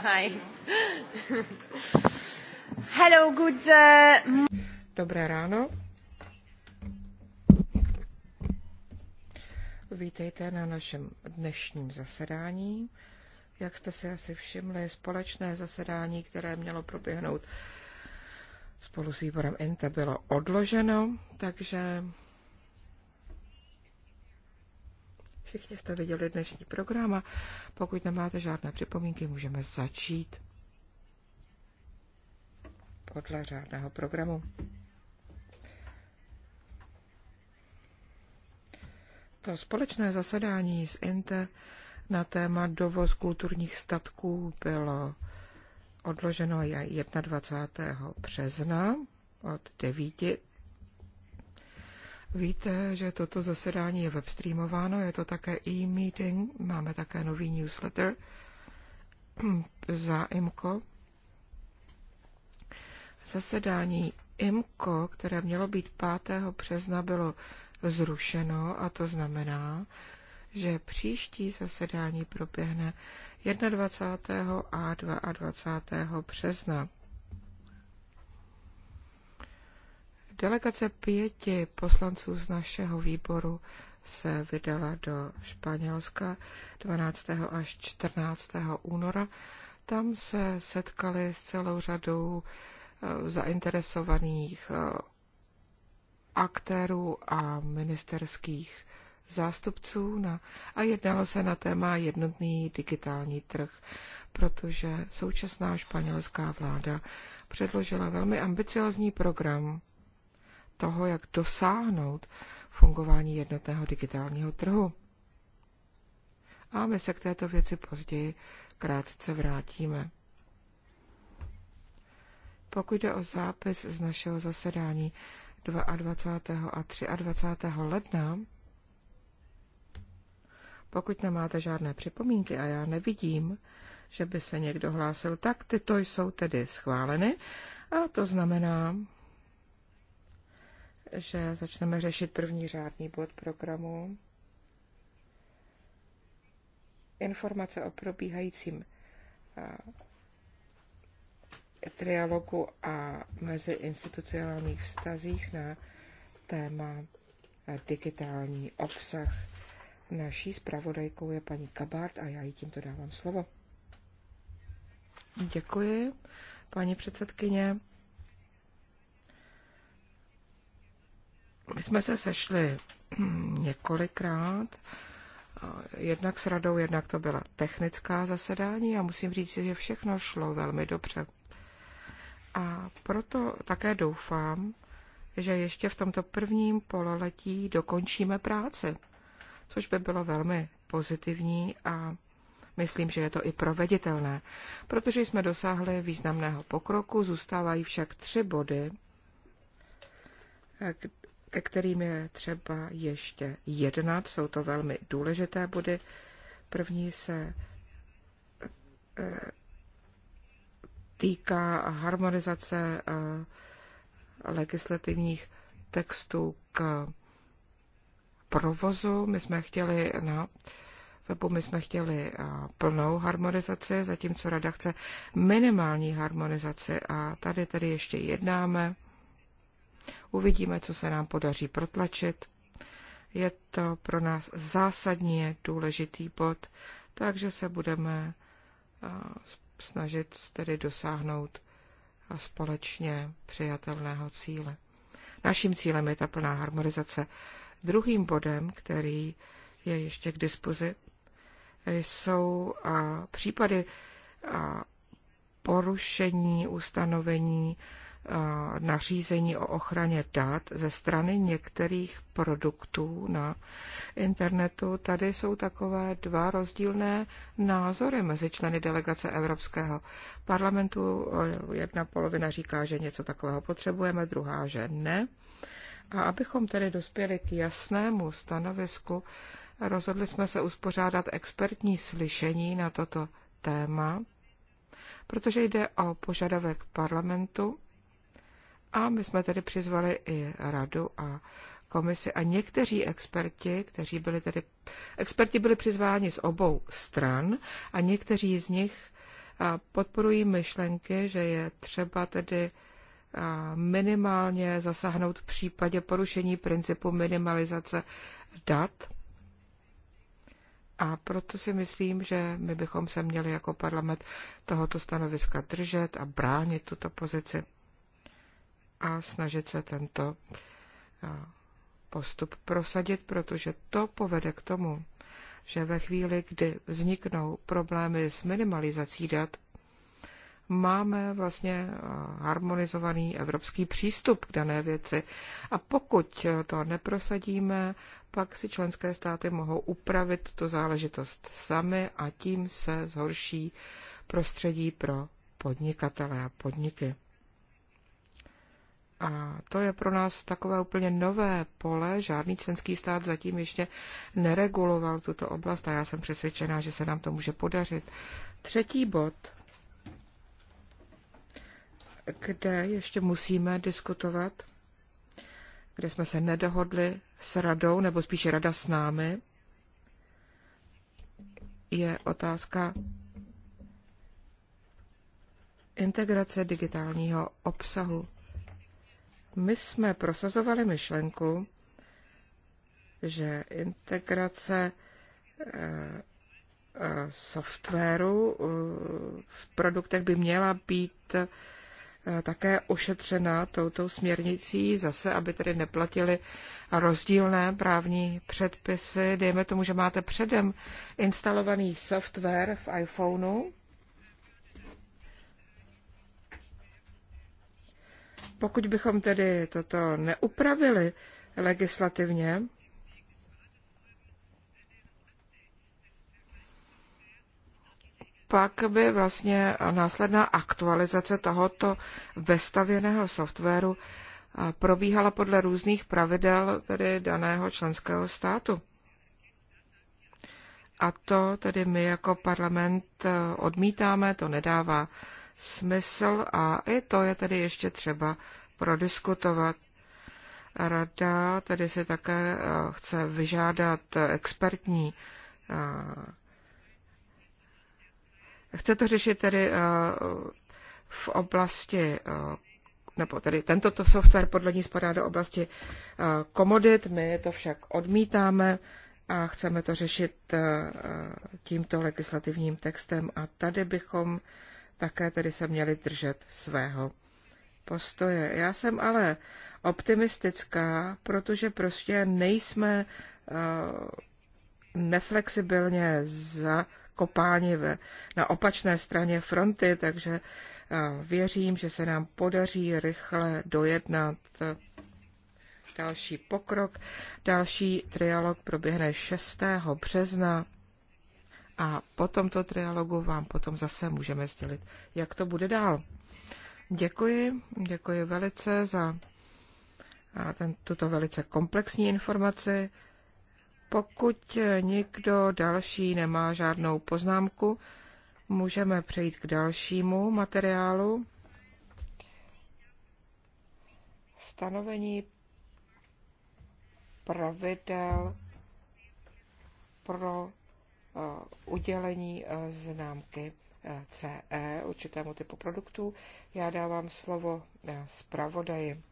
Hi. Hello, good... Uh, Dobré ráno. Vítejte na našem dnešním zasedání. Jak jste si asi všimli, společné zasedání, které mělo proběhnout spolu s výborem INTE, bylo odloženo, takže Všichni jste viděli dnešní program a pokud nemáte žádné připomínky, můžeme začít podle řádného programu. To společné zasedání s INTE na téma dovoz kulturních statků bylo odloženo 21. března od 9 Víte, že toto zasedání je webstreamováno, je to také e-meeting, máme také nový newsletter za IMCO. Zasedání IMCO, které mělo být 5. března, bylo zrušeno a to znamená, že příští zasedání proběhne 21. a 22. března. Delegace pěti poslanců z našeho výboru se vydala do Španělska 12. až 14. února. Tam se setkali s celou řadou eh, zainteresovaných eh, aktérů a ministerských zástupců na, a jednalo se na téma jednotný digitální trh, protože současná španělská vláda předložila velmi ambiciozní program toho, jak dosáhnout fungování jednotného digitálního trhu. A my se k této věci později krátce vrátíme. Pokud jde o zápis z našeho zasedání 22. a 23. ledna, pokud nemáte žádné připomínky a já nevidím, že by se někdo hlásil, tak tyto jsou tedy schváleny a to znamená, že začneme řešit první řádný bod programu. Informace o probíhajícím eh, trialogu a mezi institucionálních vztazích na téma eh, digitální obsah. Naší zpravodajkou je paní Kabart a já jí tímto dávám slovo. Děkuji, paní předsedkyně. My jsme se sešli hm, několikrát, jednak s radou, jednak to byla technická zasedání a musím říct, že všechno šlo velmi dobře. A proto také doufám, že ještě v tomto prvním pololetí dokončíme práci, což by bylo velmi pozitivní a myslím, že je to i proveditelné, protože jsme dosáhli významného pokroku, zůstávají však tři body, ke kterým je třeba ještě jednat. Jsou to velmi důležité body. První se eh, týká harmonizace eh, legislativních textů k provozu. My jsme chtěli na webu my jsme chtěli eh, plnou harmonizaci, zatímco rada chce minimální harmonizaci a tady tedy ještě jednáme. Uvidíme, co se nám podaří protlačit. Je to pro nás zásadně důležitý bod, takže se budeme eh, snažit tedy dosáhnout eh, společně přijatelného cíle. Naším cílem je ta plná harmonizace. Druhým bodem, který je ještě k dispozi, jsou eh, případy porušení ustanovení nařízení o ochraně dat ze strany některých produktů na internetu. Tady jsou takové dva rozdílné názory mezi členy delegace Evropského parlamentu. Jedna polovina říká, že něco takového potřebujeme, druhá, že ne. A abychom tedy dospěli k jasnému stanovisku, rozhodli jsme se uspořádat expertní slyšení na toto téma, protože jde o požadavek parlamentu a my jsme tedy přizvali i radu a komisi a někteří experti, kteří byli tedy, experti byli přizváni z obou stran a někteří z nich podporují myšlenky, že je třeba tedy minimálně zasáhnout v případě porušení principu minimalizace dat. A proto si myslím, že my bychom se měli jako parlament tohoto stanoviska držet a bránit tuto pozici a snažit se tento postup prosadit, protože to povede k tomu, že ve chvíli, kdy vzniknou problémy s minimalizací dat, máme vlastně harmonizovaný evropský přístup k dané věci. A pokud to neprosadíme, pak si členské státy mohou upravit tuto záležitost sami a tím se zhorší prostředí pro podnikatele a podniky. A to je pro nás takové úplně nové pole. Žádný členský stát zatím ještě nereguloval tuto oblast a já jsem přesvědčená, že se nám to může podařit. Třetí bod, kde ještě musíme diskutovat, kde jsme se nedohodli s radou, nebo spíše rada s námi, je otázka integrace digitálního obsahu my jsme prosazovali myšlenku, že integrace eh, eh, softwaru eh, v produktech by měla být také ošetřena touto směrnicí, zase, aby tedy neplatili rozdílné právní předpisy. Dejme tomu, že máte předem instalovaný software v iPhoneu Pokud bychom tedy toto neupravili legislativně, pak by vlastně následná aktualizace tohoto vestavěného softwaru probíhala podle různých pravidel tedy daného členského státu. A to tedy my jako parlament odmítáme, to nedává smysl a i to je tedy ještě třeba prodiskutovat. Rada tedy si také eh, chce vyžádat expertní eh, Chce to řešit tedy eh, v oblasti, nebo tedy tento to software podle ní spadá do oblasti komodit, my to však odmítáme a chceme to řešit tímto legislativním textem a tady bychom také tedy se měli držet svého postoje. Já jsem ale optimistická, protože prostě nejsme eh, neflexibilně zakopáni ve, na opačné straně fronty, takže eh, věřím, že se nám podaří rychle dojednat eh, další pokrok. Další trialog proběhne 6. března a po tomto trialogu vám potom zase můžeme sdělit, jak to bude dál. Děkuji, děkuji velice za ten, tuto velice komplexní informaci. Pokud nikdo další nemá žádnou poznámku, můžeme přejít k dalšímu materiálu. Stanovení pravidel pro Eh, udělení eh, známky eh, CE určitému typu produktů. Já dávám slovo zpravodaji.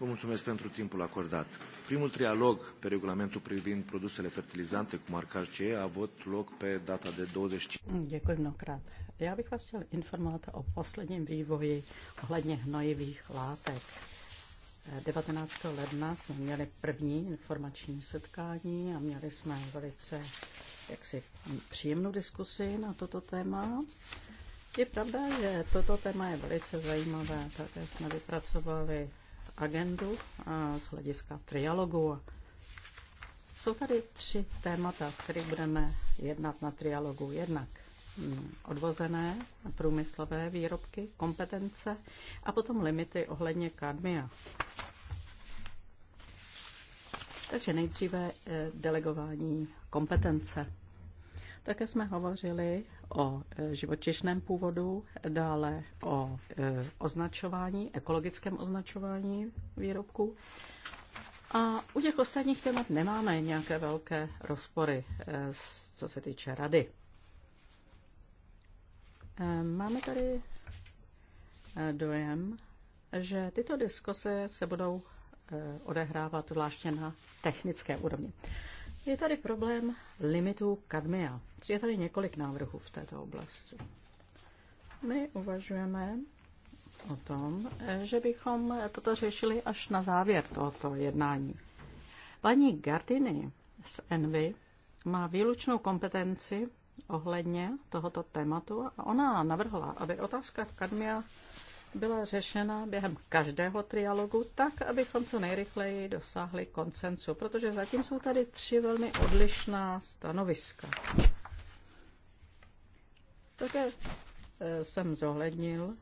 Vă mulțumesc pentru timpul acordat. Primul trialog pe regulamentul privind produsele fertilizante cu marcaj CE a avut loc pe data de 25. mnohokrát. Já bych vás chtěl informovat o posledním vývoji ohledně hnojivých látek. 19. ledna jsme měli první informační setkání a měli jsme velice jaksi příjemnou diskusi na toto téma. Je pravda, že toto téma je velice zajímavé. Také jsme vypracovali agendu z hlediska trialogu. Jsou tady tři témata, které budeme jednat na trialogu. Jednak odvozené průmyslové výrobky, kompetence a potom limity ohledně kadmia. Takže nejdříve eh, delegování kompetence. Také jsme hovořili o eh, živočišném původu, dále o eh, označování, ekologickém označování výrobků. A u těch ostatních témat nemáme nějaké velké rozpory, co se týče rady. Eh, máme tady eh, dojem, že tyto diskuse se budou eh, odehrávat zvláště na technické úrovni. Je tady problém limitů kadmia. Je tady několik návrhů v této oblasti. My uvažujeme o tom, že bychom toto řešili až na závěr tohoto jednání. Paní Gardiny z Envy má výlučnou kompetenci ohledně tohoto tématu a ona navrhla, aby otázka kadmia byla řešena během každého trialogu tak, abychom co nejrychleji dosáhli koncensu, protože zatím jsou tady tři velmi odlišná stanoviska. Také eh, jsem zohlednil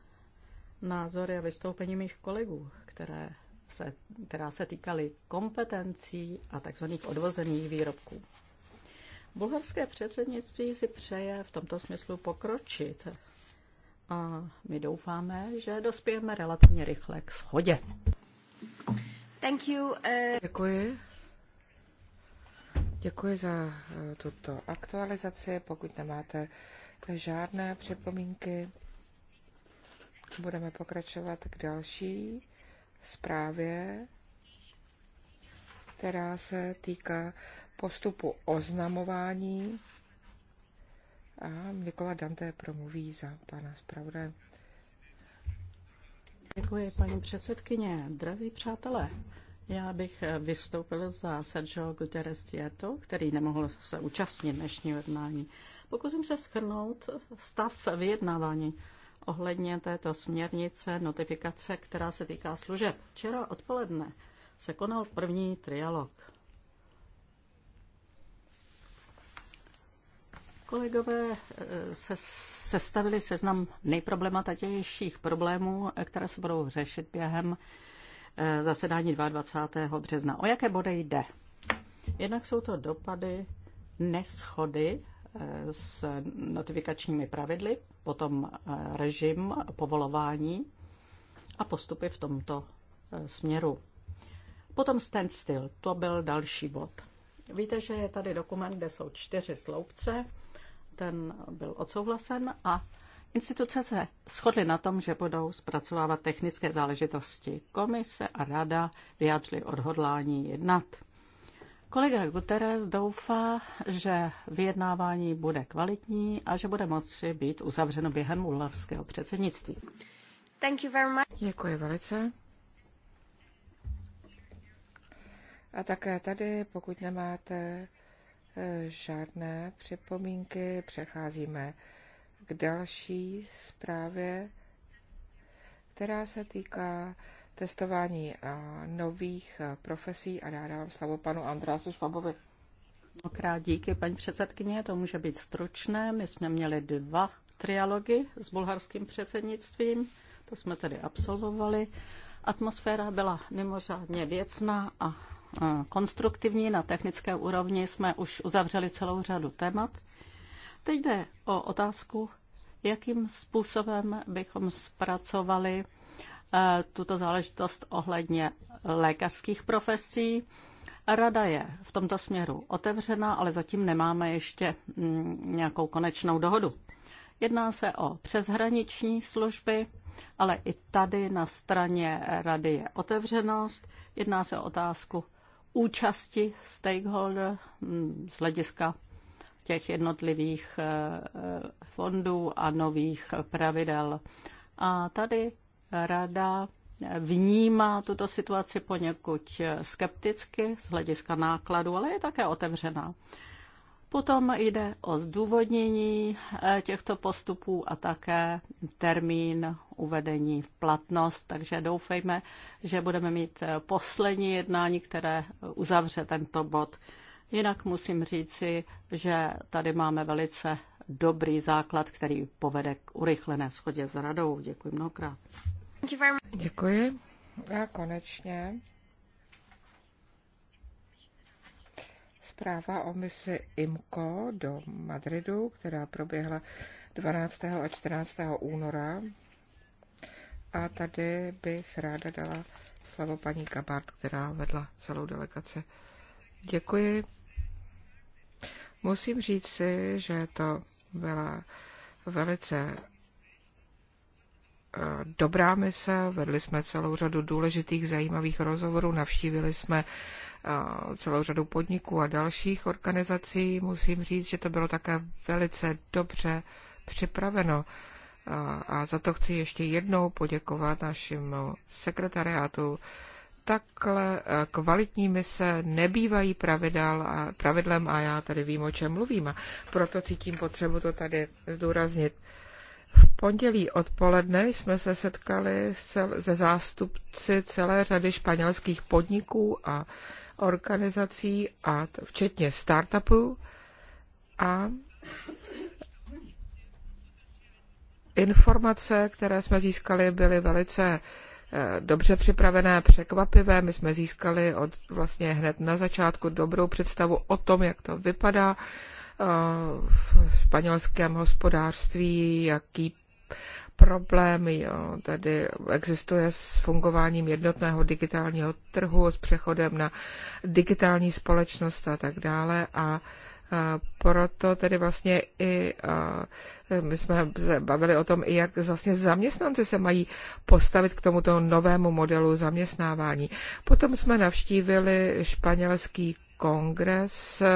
názory a vystoupení mých kolegů, které se, která se týkaly kompetencí a tzv. odvozených výrobků. Bulharské předsednictví si přeje v tomto smyslu pokročit a my doufáme, že dospějeme relativně rychle k shodě. Thank you, uh... Děkuji. Děkuji za eh, tuto aktualizaci. Pokud nemáte žádné připomínky, budeme pokračovat k další zprávě, která se týká postupu oznamování a Nikola Dante promluví za pana zpravodaje. Děkuji, paní předsedkyně. Drazí přátelé, já bych vystoupil za Sergio Guterres Tieto, který nemohl se účastnit dnešního jednání. Pokusím se schrnout stav vyjednávání ohledně této směrnice notifikace, která se týká služeb. Včera odpoledne se konal první trialog. Kolegové eh, se sestavili seznam nejproblematičtějších problémů, eh, které se budou řešit během eh, zasedání 22. března. O jaké body jde? Jednak jsou to dopady neschody s notifikačními pravidly, potom režim povolování a postupy v tomto směru. Potom standstill, to byl další bod. Víte, že je tady dokument, kde jsou čtyři sloupce ten byl odsouhlasen a instituce se shodly na tom, že budou zpracovávat technické záležitosti. Komise a rada vyjádřili odhodlání jednat. Kolega Guterres doufá, že vyjednávání bude kvalitní a že bude moci být uzavřeno během ulavského předsednictví. Thank you very much. Děkuji velice. A také tady, pokud nemáte žádné připomínky. Přecházíme k další zprávě, která se týká testování nových profesí a já dávám slovo panu Andrásu Švabovi. Mnohokrát díky, paní předsedkyně, to může být stručné. My jsme měli dva trialogy s bulharským předsednictvím, to jsme tedy absolvovali. Atmosféra byla mimořádně věcná a konstruktivní. Na technické úrovni jsme už uzavřeli celou řadu témat. Teď jde o otázku, jakým způsobem bychom zpracovali eh, tuto záležitost ohledně lékařských profesí. Rada je v tomto směru otevřená, ale zatím nemáme ještě mm, nějakou konečnou dohodu. Jedná se o přeshraniční služby, ale i tady na straně rady je otevřenost. Jedná se o otázku účasti stakeholder mm, z hlediska těch jednotlivých eh, eh, fondů a nových pravidel. A tady rada vnímá tuto situaci poněkud eh, skepticky z hlediska nákladu, ale je také otevřená. Potom jde o zdůvodnění těchto postupů a také termín uvedení v platnost, takže doufejme, že budeme mít eh, poslední jednání, které eh, uzavře tento bod. Jinak musím říci, že tady máme velice dobrý základ, který povede k urychlené schodě s radou. Děkuji mnohokrát. Děkuji. A konečně zpráva o misi IMCO do Madridu, která proběhla 12. a 14. února a tady bych ráda dala slovo paní Kabart, která vedla celou delegaci. Děkuji. Musím říct si, že to byla velice eh, dobrá mise, vedli jsme celou řadu důležitých, zajímavých rozhovorů, navštívili jsme eh, celou řadu podniků a dalších organizací. Musím říct, že to bylo také velice dobře připraveno a za to chci ještě jednou poděkovat našemu sekretariátu. Takhle e, kvalitní mise nebývají pravidel a, pravidlem a já tady vím, o čem mluvím a proto cítím potřebu to tady zdůraznit. V pondělí odpoledne jsme se setkali se zástupci celé řady španělských podniků a organizací, a včetně startupů. A informace, které jsme získali, byly velice eh, dobře připravené, překvapivé. My jsme získali od vlastně hned na začátku dobrou představu o tom, jak to vypadá eh, v španělském hospodářství, jaký problém jo, tady existuje s fungováním jednotného digitálního trhu, s přechodem na digitální společnost a tak dále. A proto tedy vlastně i my jsme se bavili o tom, jak vlastně zaměstnanci se mají postavit k tomuto novému modelu zaměstnávání. Potom jsme navštívili španělský kongres, e,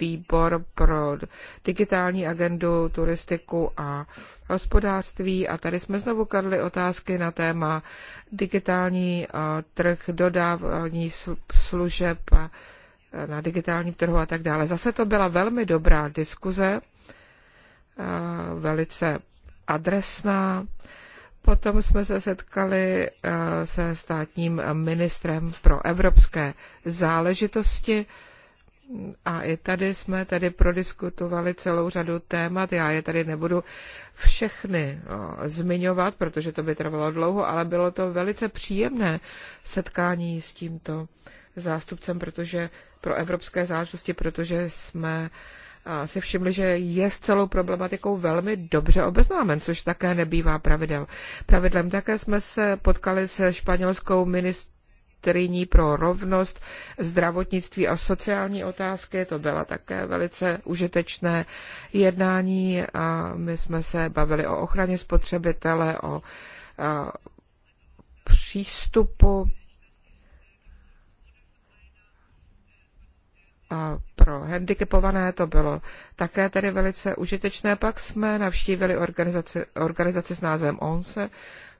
výbor pro digitální agendu, turistiku a hospodářství. A tady jsme znovu kladli otázky na téma digitální e, trh, dodávání služeb a na digitálním trhu a tak dále. Zase to byla velmi dobrá diskuze, eh, velice adresná. Potom jsme se setkali eh, se státním ministrem pro evropské záležitosti a i tady jsme tady prodiskutovali celou řadu témat. Já je tady nebudu všechny eh, zmiňovat, protože to by trvalo dlouho, ale bylo to velice příjemné setkání s tímto zástupcem, protože pro evropské záležitosti, protože jsme eh, si všimli, že je s celou problematikou velmi dobře obeznámen, což také nebývá pravidel. Pravidlem také jsme se potkali se španělskou ministriní pro rovnost, zdravotnictví a sociální otázky. To byla také velice užitečné jednání a my jsme se bavili o ochraně spotřebitele, o eh, přístupu pro handicapované, to bylo také tedy velice užitečné. Pak jsme navštívili organizaci, organizaci s názvem ONSE,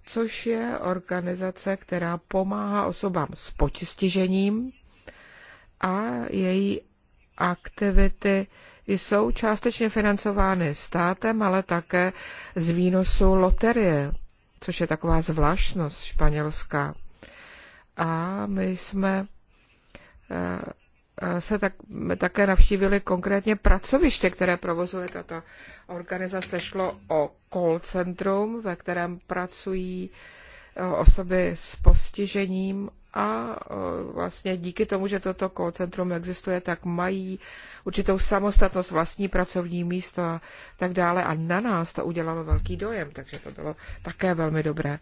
což je organizace, která pomáhá osobám s potistižením a její aktivity jsou částečně financovány státem, ale také z výnosu loterie, což je taková zvláštnost španělská. A my jsme eh, se tak, také navštívili konkrétně pracoviště, které provozuje tato organizace. Šlo o call centrum, ve kterém pracují eh, osoby s postižením a eh, vlastně díky tomu, že toto call centrum existuje, tak mají určitou samostatnost, vlastní pracovní místo a tak dále. A na nás to udělalo velký dojem, takže to bylo také velmi dobré.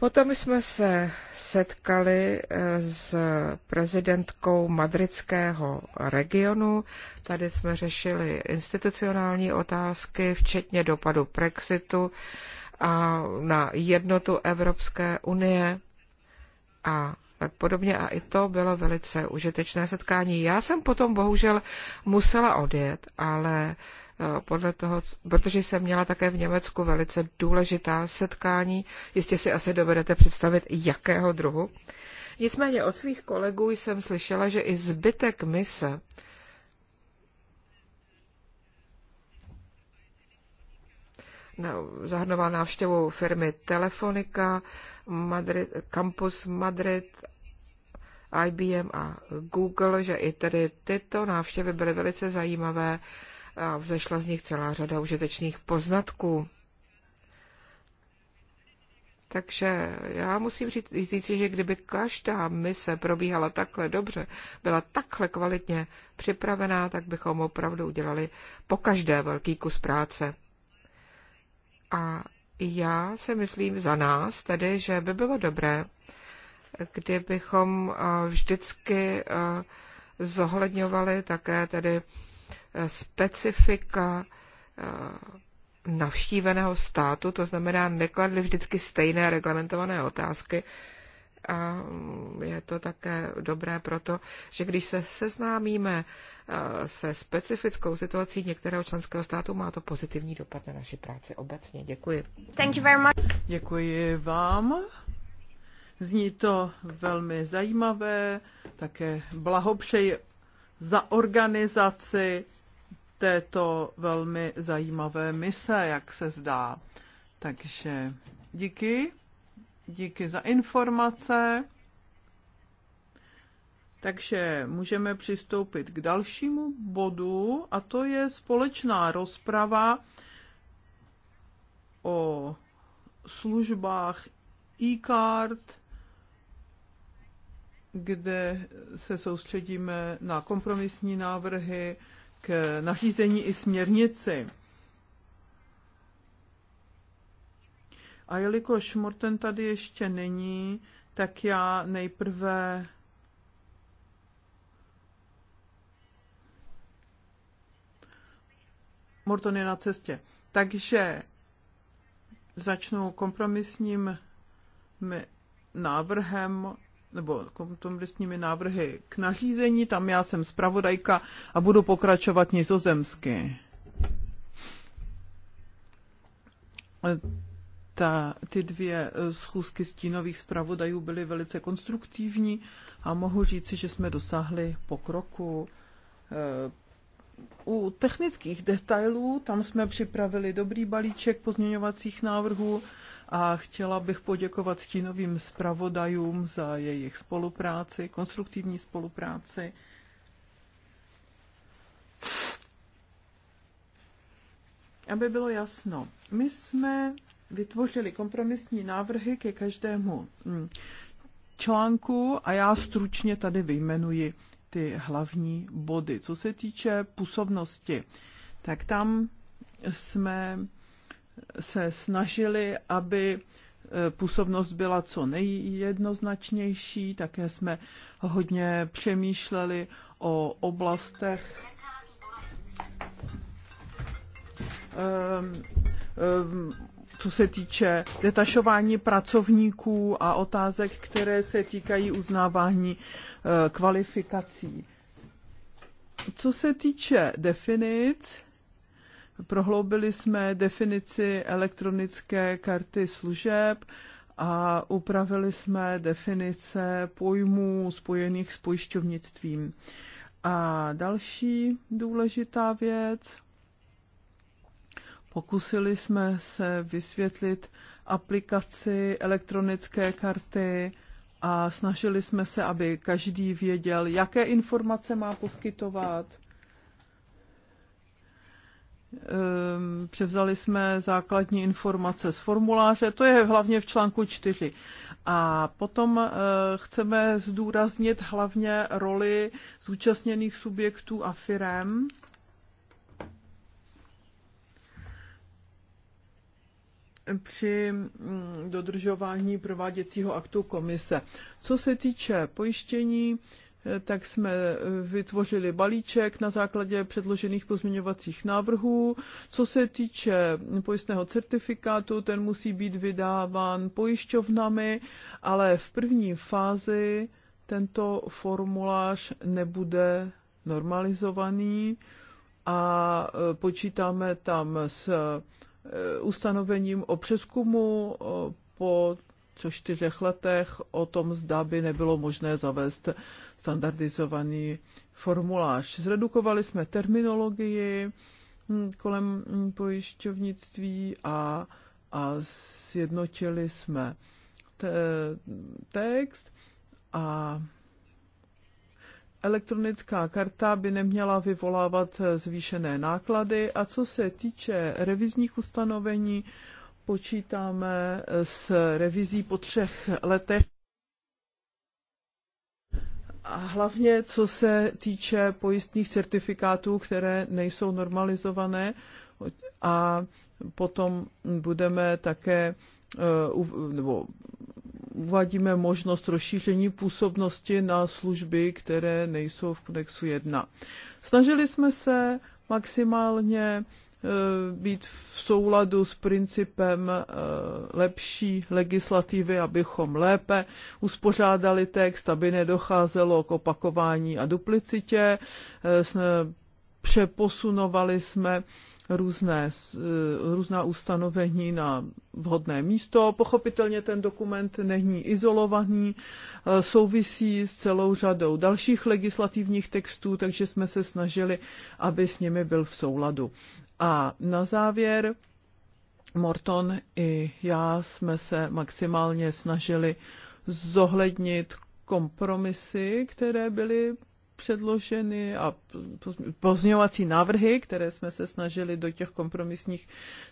Potom jsme se setkali eh, s prezidentkou madridského regionu. Tady jsme řešili institucionální otázky, včetně dopadu Brexitu a na jednotu Evropské unie a tak podobně. A i to bylo velice užitečné setkání. Já jsem potom bohužel musela odjet, ale Eh, podle toho, protože jsem měla také v Německu velice důležitá setkání, jistě si asi dovedete představit, jakého druhu. Nicméně od svých kolegů jsem slyšela, že i zbytek mise zahrnoval návštěvu firmy Telefonica, Madrid, Campus Madrid, IBM a Google, že i tedy tyto návštěvy byly velice zajímavé a vzešla z nich celá řada užitečných poznatků. Takže já musím říct, že kdyby každá mise probíhala takhle dobře, byla takhle kvalitně připravená, tak bychom opravdu udělali po každé velký kus práce. A já se myslím za nás tedy, že by bylo dobré, kdybychom vždycky zohledňovali také tedy Eh, specifika eh, navštíveného státu, to znamená, nekladli vždycky stejné reglementované otázky. A je to také dobré proto, že když se seznámíme eh, se specifickou situací některého členského státu, má to pozitivní dopad na naši práci obecně. Děkuji. Thank you very much. Děkuji vám. Zní to velmi zajímavé, také blahopřeji za organizaci této velmi zajímavé mise, jak se zdá. Takže díky, díky za informace. Takže můžeme přistoupit k dalšímu bodu a to je společná rozprava o službách e-card kde se soustředíme na kompromisní návrhy k nařízení i směrnici. A jelikož Morten tady ještě není, tak já nejprve Morton je na cestě. Takže začnu kompromisním návrhem nebo kompromisními návrhy k nařízení, tam já jsem zpravodajka a budu pokračovat nizozemsky. Ta, ty dvě schůzky stínových zpravodajů byly velice konstruktivní a mohu říci, že jsme dosáhli pokroku. U technických detailů tam jsme připravili dobrý balíček pozměňovacích návrhů a chtěla bych poděkovat stínovým zpravodajům za jejich spolupráci, konstruktivní spolupráci. Aby bylo jasno, my jsme vytvořili kompromisní návrhy ke každému mm, článku a já stručně tady vyjmenuji ty hlavní body. Co se týče působnosti, tak tam jsme se snažili, aby e, působnost byla co nejjednoznačnější. Také jsme hodně přemýšleli o oblastech e, e, co se týče detašování pracovníků a otázek, které se týkají uznávání kvalifikací. Co se týče definic, Prohloubili jsme definici elektronické karty služeb a upravili jsme definice pojmů spojených s pojišťovnictvím. A další důležitá věc, pokusili jsme se vysvětlit aplikaci elektronické karty a snažili jsme se, aby každý věděl, jaké informace má poskytovat Ehm, převzali jsme základní informace z formuláře, to je hlavně v článku 4. A potom eh, chceme zdůraznit hlavně roli zúčastněných subjektů a firem. při mm, dodržování prováděcího aktu komise. Co se týče pojištění, tak jsme eh, vytvořili balíček na základě předložených pozměňovacích návrhů. Co se týče pojistného certifikátu, ten musí být vydáván pojišťovnami, ale v první fázi tento formulář nebude normalizovaný a eh, počítáme tam s eh, ustanovením o přeskumu po co čtyřech letech o tom, zda by nebylo možné zavést standardizovaný formulář. Zredukovali jsme terminologii hm, kolem hm, pojišťovnictví a, a sjednotili jsme te, text a elektronická karta by neměla vyvolávat zvýšené náklady a co se týče revizních ustanovení, počítáme s revizí po třech letech a hlavně co se týče pojistných certifikátů, které nejsou normalizované a potom budeme také eh, nebo uvádíme možnost rozšíření působnosti na služby, které nejsou v kodexu 1. Snažili jsme se maximálně Eh, být v souladu s principem eh, lepší legislativy, abychom lépe uspořádali text, aby nedocházelo k opakování a duplicitě. Eh, přeposunovali jsme různé, různá ustanovení na vhodné místo. Pochopitelně ten dokument není izolovaný, souvisí s celou řadou dalších legislativních textů, takže jsme se snažili, aby s nimi byl v souladu. A na závěr Morton i já jsme se maximálně snažili zohlednit kompromisy, které byly předloženy a pozměňovací návrhy, které jsme se snažili do těch kompromisních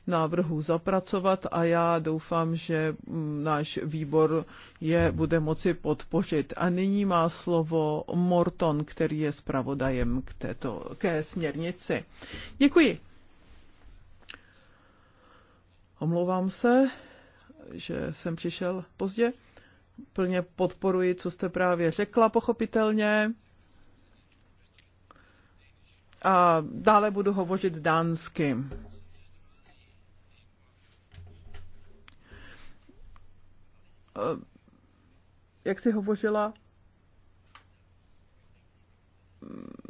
návrhů zapracovat a já doufám, že mm, náš výbor je bude moci podpořit. A nyní má slovo Morton, který je zpravodajem k této, ke směrnici. Děkuji. Omlouvám se, že jsem přišel pozdě. Plně podporuji, co jste právě řekla, pochopitelně. A dále budu hovořit dánsky. Eh, jak jsi hovořila,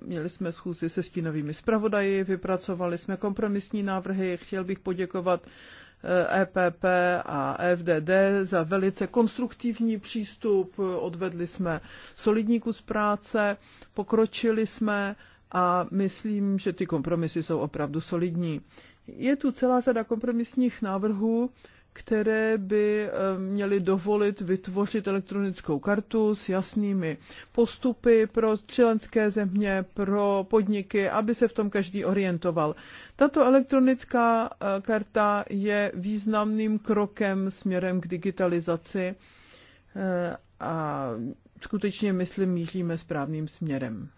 měli jsme schůzi se stínovými zpravodaji, vypracovali jsme kompromisní návrhy. Chtěl bych poděkovat EPP e a FDD za velice konstruktivní přístup. Odvedli jsme solidní kus práce, pokročili jsme a myslím, že ty kompromisy jsou opravdu solidní. Je tu celá řada kompromisních návrhů, které by eh, měly dovolit vytvořit elektronickou kartu s jasnými postupy pro členské země, pro podniky, aby se v tom každý orientoval. Tato elektronická eh, karta je významným krokem směrem k digitalizaci eh, a skutečně, myslím, míříme správným směrem.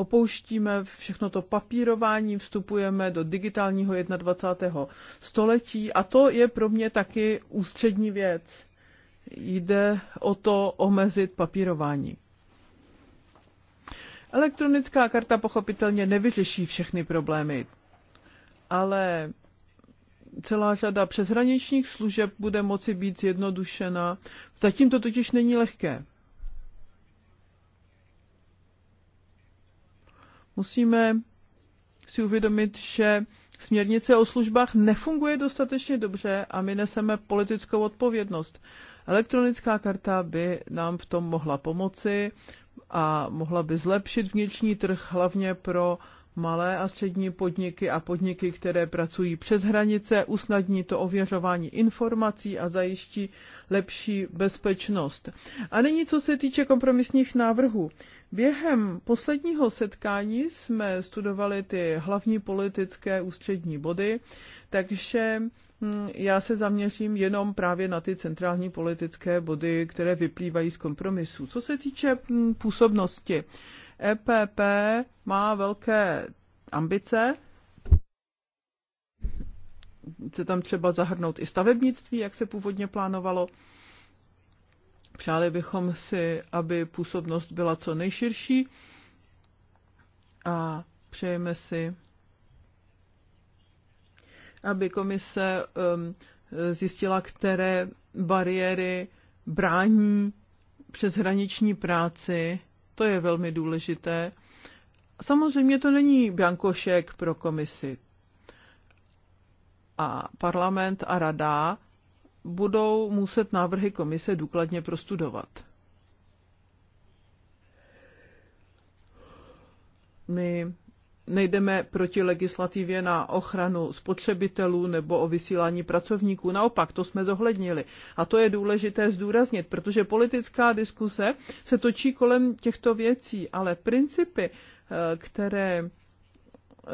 opouštíme všechno to papírování, vstupujeme do digitálního 21. století a to je pro mě taky ústřední věc. Jde o to omezit papírování. Elektronická karta pochopitelně nevyřeší všechny problémy, ale celá řada přeshraničních služeb bude moci být zjednodušena. Zatím to totiž není lehké. musíme si uvědomit, že směrnice o službách nefunguje dostatečně dobře a my neseme politickou odpovědnost. Elektronická karta by nám v tom mohla pomoci a mohla by zlepšit vnitřní trh hlavně pro malé a střední podniky a podniky, které pracují přes hranice, usnadní to ověřování informací a zajiští lepší bezpečnost. A nyní, co se týče kompromisních návrhů. Během posledního setkání jsme studovali ty hlavní politické ústřední body, takže hm, já se zaměřím jenom právě na ty centrální politické body, které vyplývají z kompromisu. Co se týče hm, působnosti, EPP má velké ambice, chce tam třeba zahrnout i stavebnictví, jak se původně plánovalo. Přáli bychom si, aby působnost byla co nejširší a přejeme si, aby komise um, zjistila, které bariéry brání přeshraniční práci to je velmi důležité. Samozřejmě to není biankošek pro komisi. A parlament a rada budou muset návrhy komise důkladně prostudovat. My nejdeme proti legislativě na ochranu spotřebitelů nebo o vysílání pracovníků. Naopak, to jsme zohlednili. A to je důležité zdůraznit, protože politická diskuse se točí kolem těchto věcí, ale principy, eh, které eh,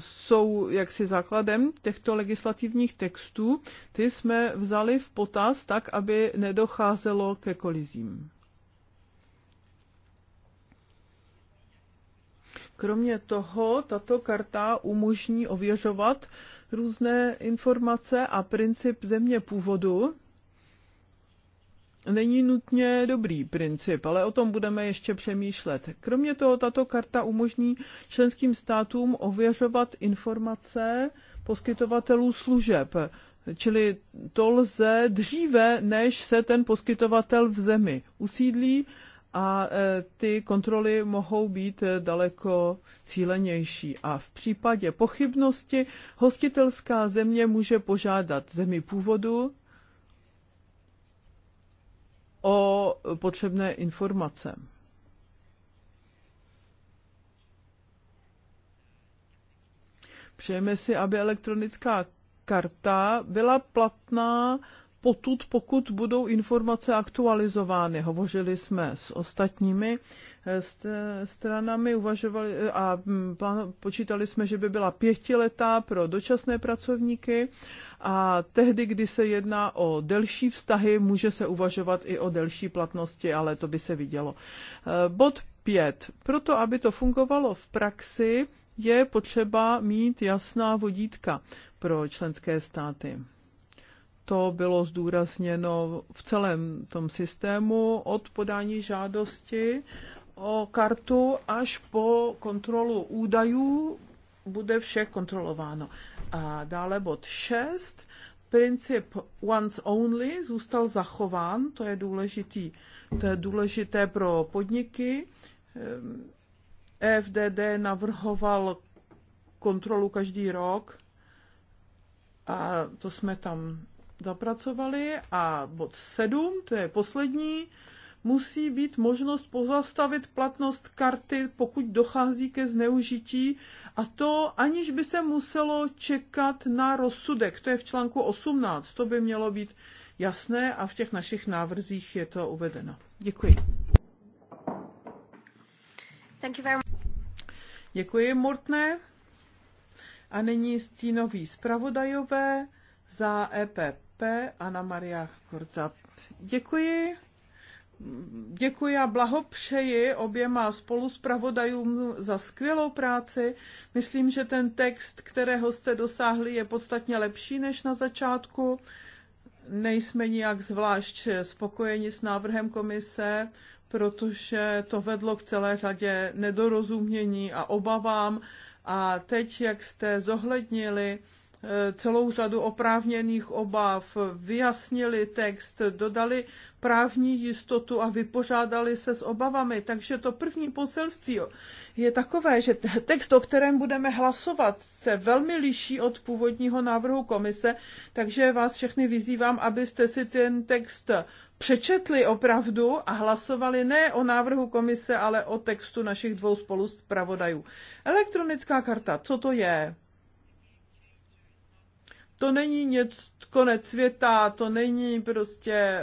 jsou jaksi základem těchto legislativních textů, ty jsme vzali v potaz tak, aby nedocházelo ke kolizím. Kromě toho, tato karta umožní ověřovat různé informace a princip země původu není nutně dobrý princip, ale o tom budeme ještě přemýšlet. Kromě toho, tato karta umožní členským státům ověřovat informace poskytovatelů služeb, čili to lze dříve, než se ten poskytovatel v zemi usídlí a e, ty kontroly mohou být e, daleko cílenější. A v případě pochybnosti hostitelská země může požádat zemi původu o potřebné informace. Přejeme si, aby elektronická karta byla platná potud, pokud budou informace aktualizovány. Hovořili jsme s ostatními eh, stranami, uvažovali eh, a mm, počítali jsme, že by byla pětiletá pro dočasné pracovníky a tehdy, kdy se jedná o delší vztahy, může se uvažovat i o delší platnosti, ale to by se vidělo. Eh, bod pět. Proto, aby to fungovalo v praxi, je potřeba mít jasná vodítka pro členské státy. To bylo zdůrazněno v celém tom systému od podání žádosti o kartu až po kontrolu údajů bude vše kontrolováno. A dále bod 6. Princip once only zůstal zachován, to je důležitý, to je důležité pro podniky. Ehm, FDD navrhoval kontrolu každý rok a to jsme tam zapracovali. A bod 7, to je poslední, musí být možnost pozastavit platnost karty, pokud dochází ke zneužití, a to aniž by se muselo čekat na rozsudek. To je v článku 18, to by mělo být jasné a v těch našich návrzích je to uvedeno. Děkuji. Thank you very much. Děkuji, Mortné. A nyní stínový zpravodajové za EPP P. Anna Maria Korzab. Děkuji. Děkuji a blahopřeji oběma spoluspravodajům za skvělou práci. Myslím, že ten text, kterého jste dosáhli, je podstatně lepší než na začátku. Nejsme nijak zvlášť spokojeni s návrhem komise, protože to vedlo k celé řadě nedorozumění a obavám. A teď, jak jste zohlednili celou řadu oprávněných obav, vyjasnili text, dodali právní jistotu a vypořádali se s obavami. Takže to první poselství je takové, že text, o kterém budeme hlasovat, se velmi liší od původního návrhu komise, takže vás všechny vyzývám, abyste si ten text přečetli opravdu a hlasovali ne o návrhu komise, ale o textu našich dvou spolu zpravodajů. Elektronická karta, co to je? to není něco, konec světa, to není prostě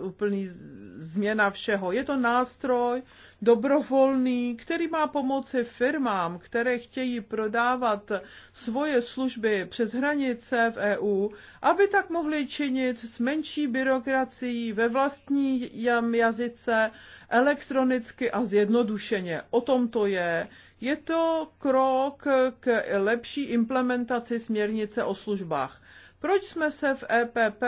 uh, úplný změna všeho. Je to nástroj dobrovolný, který má pomoci firmám, které chtějí prodávat svoje služby přes hranice v EU, aby tak mohli činit s menší byrokracií ve vlastním jazyce, elektronicky a zjednodušeně. O tom to je. Je to krok k lepší implementaci směrnice o službách. Proč jsme se v EPP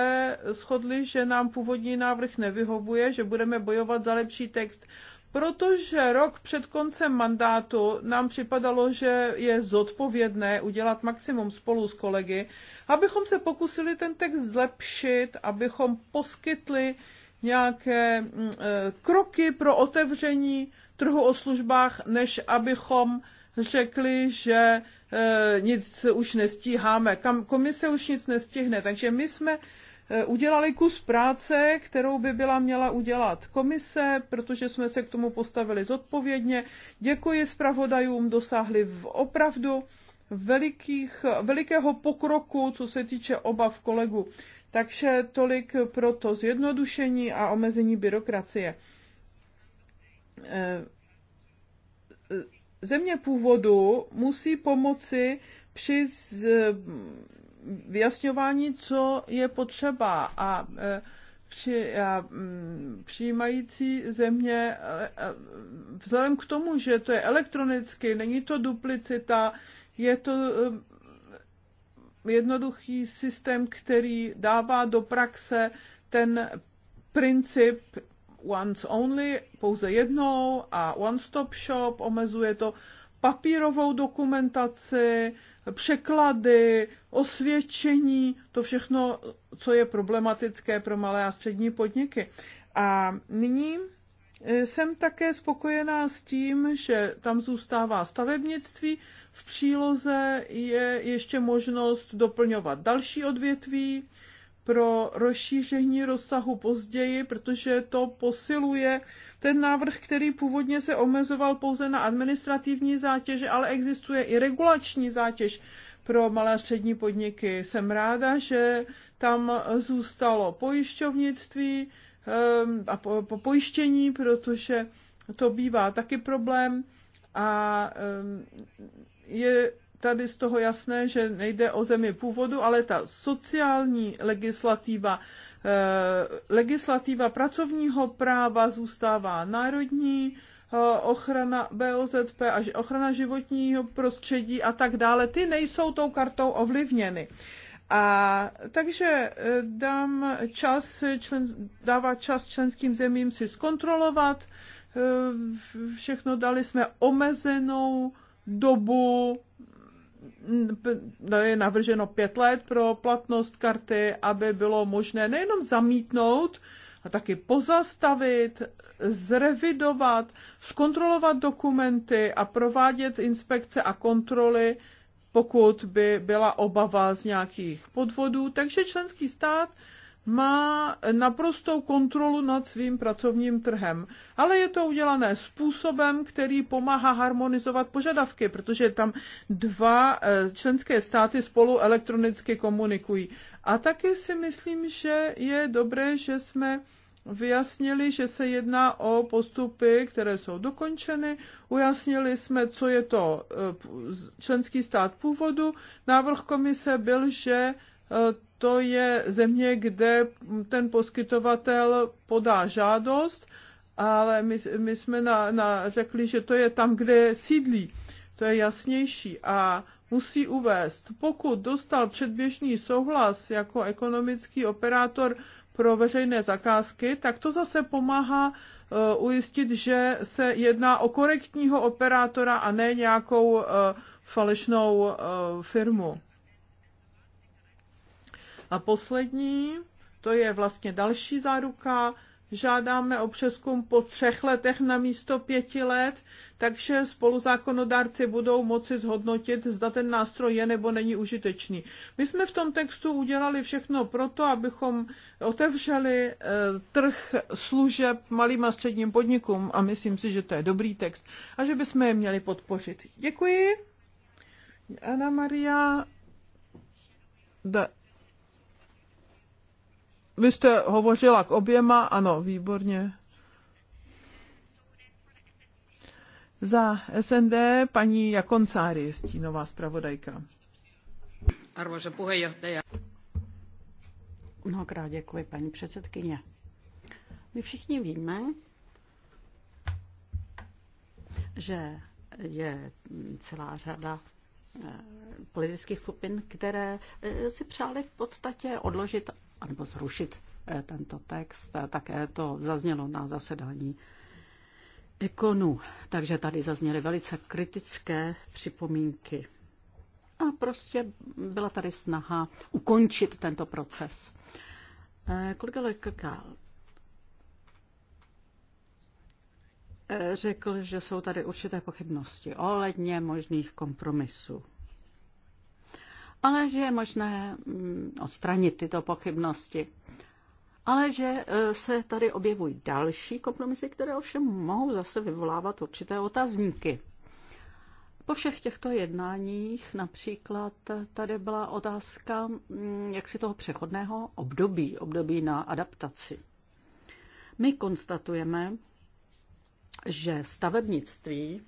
shodli, že nám původní návrh nevyhovuje, že budeme bojovat za lepší text? Protože rok před koncem mandátu nám připadalo, že je zodpovědné udělat maximum spolu s kolegy, abychom se pokusili ten text zlepšit, abychom poskytli nějaké mm, e, kroky pro otevření trhu o službách, než abychom řekli, že e, nic už nestíháme. Kam komise už nic nestihne. Takže my jsme e, udělali kus práce, kterou by byla měla udělat komise, protože jsme se k tomu postavili zodpovědně. Děkuji zpravodajům, dosáhli v opravdu velikých, velikého pokroku, co se týče obav kolegu. Takže tolik pro to zjednodušení a omezení byrokracie. Eh, země původu musí pomoci při vyjasňování, co je potřeba a eh, při, a, mm, přijímající země, eh, vzhledem k tomu, že to je elektronicky, není to duplicita, je to jednoduchý systém, který dává do praxe ten princip once only, pouze jednou a one stop shop, omezuje to papírovou dokumentaci, překlady, osvědčení, to všechno, co je problematické pro malé a střední podniky. A nyní e, jsem také spokojená s tím, že tam zůstává stavebnictví. V příloze je ještě možnost doplňovat další odvětví, pro rozšíření rozsahu později, protože to posiluje ten návrh, který původně se omezoval pouze na administrativní zátěže, ale existuje i regulační zátěž pro malé a střední podniky. Jsem ráda, že tam zůstalo pojišťovnictví ehm, a po pojištění, protože to bývá taky problém a ehm, je tady z toho jasné, že nejde o zemi původu, ale ta sociální legislativa, eh, legislativa pracovního práva zůstává národní, eh, ochrana BOZP a ochrana životního prostředí a tak dále, ty nejsou tou kartou ovlivněny. A takže eh, dám čas, člen, dává čas členským zemím si zkontrolovat, všechno dali jsme omezenou dobu je navrženo pět let pro platnost karty, aby bylo možné nejenom zamítnout, a taky pozastavit, zrevidovat, zkontrolovat dokumenty a provádět inspekce a kontroly, pokud by byla obava z nějakých podvodů. Takže členský stát má naprostou kontrolu nad svým pracovním trhem. Ale je to udělané způsobem, který pomáhá harmonizovat požadavky, protože tam dva eh, členské státy spolu elektronicky komunikují. A taky si myslím, že je dobré, že jsme vyjasnili, že se jedná o postupy, které jsou dokončeny, ujasnili jsme, co je to eh, členský stát původu. Návrh komise byl, že E, to je země, kde ten poskytovatel podá žádost, ale my, my jsme na, na, řekli, že to je tam, kde sídlí. To je jasnější. A musí uvést, pokud dostal předběžný souhlas jako ekonomický operátor pro veřejné zakázky, tak to zase pomáhá e, ujistit, že se jedná o korektního operátora a ne nějakou e, falešnou firmu. A poslední, to je vlastně další záruka, žádáme o přeskum po třech letech na místo pěti let, takže spoluzákonodárci budou moci zhodnotit, zda ten nástroj je nebo není užitečný. My jsme v tom textu udělali všechno proto, abychom otevřeli eh, trh služeb malým a středním podnikům a myslím si, že to je dobrý text a že bychom je měli podpořit. Děkuji. Ana Maria da, vy jste hovořila k oběma, ano, výborně. Za SND paní Jakoncáry, stínová zpravodajka. Arvoisa puheenjohtaja. Mnohokrát děkuji, paní předsedkyně. My všichni víme, že je celá řada Eh, politických skupin, které eh, si přáli v podstatě odložit anebo zrušit eh, tento text. Také to zaznělo na zasedání ekonu. Takže tady zazněly velice kritické připomínky. A prostě byla tady snaha ukončit tento proces. Kolega Lekka řekl, že jsou tady určité pochybnosti ohledně možných kompromisů. Ale že je možné mm, odstranit tyto pochybnosti. Ale že e, se tady objevují další kompromisy, které ovšem mohou zase vyvolávat určité otazníky. Po všech těchto jednáních například tady byla otázka mm, jaksi toho přechodného období, období na adaptaci. My konstatujeme, že stavebnictví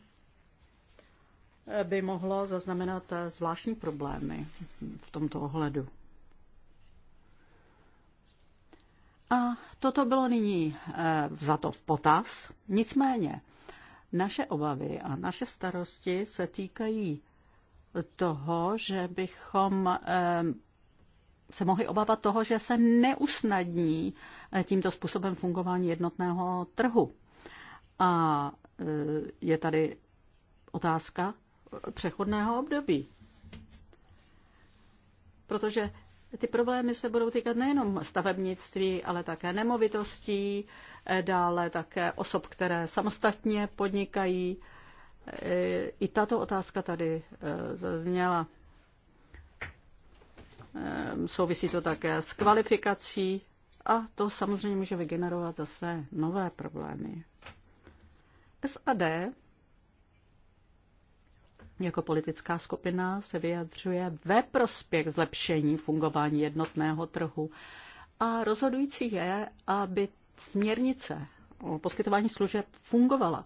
by mohlo zaznamenat zvláštní problémy v tomto ohledu. A toto bylo nyní eh, vzato v potaz. Nicméně naše obavy a naše starosti se týkají toho, že bychom eh, se mohli obávat toho, že se neusnadní eh, tímto způsobem fungování jednotného trhu. A e, je tady otázka přechodného období. Protože ty problémy se budou týkat nejenom stavebnictví, ale také nemovitostí, e, dále také osob, které samostatně podnikají. E, I tato otázka tady zazněla. Ehm, souvisí to také s kvalifikací a to samozřejmě může vygenerovat zase nové problémy. SAD jako politická skupina se vyjadřuje ve prospěch zlepšení fungování jednotného trhu. A rozhodující je, aby směrnice o poskytování služeb fungovala.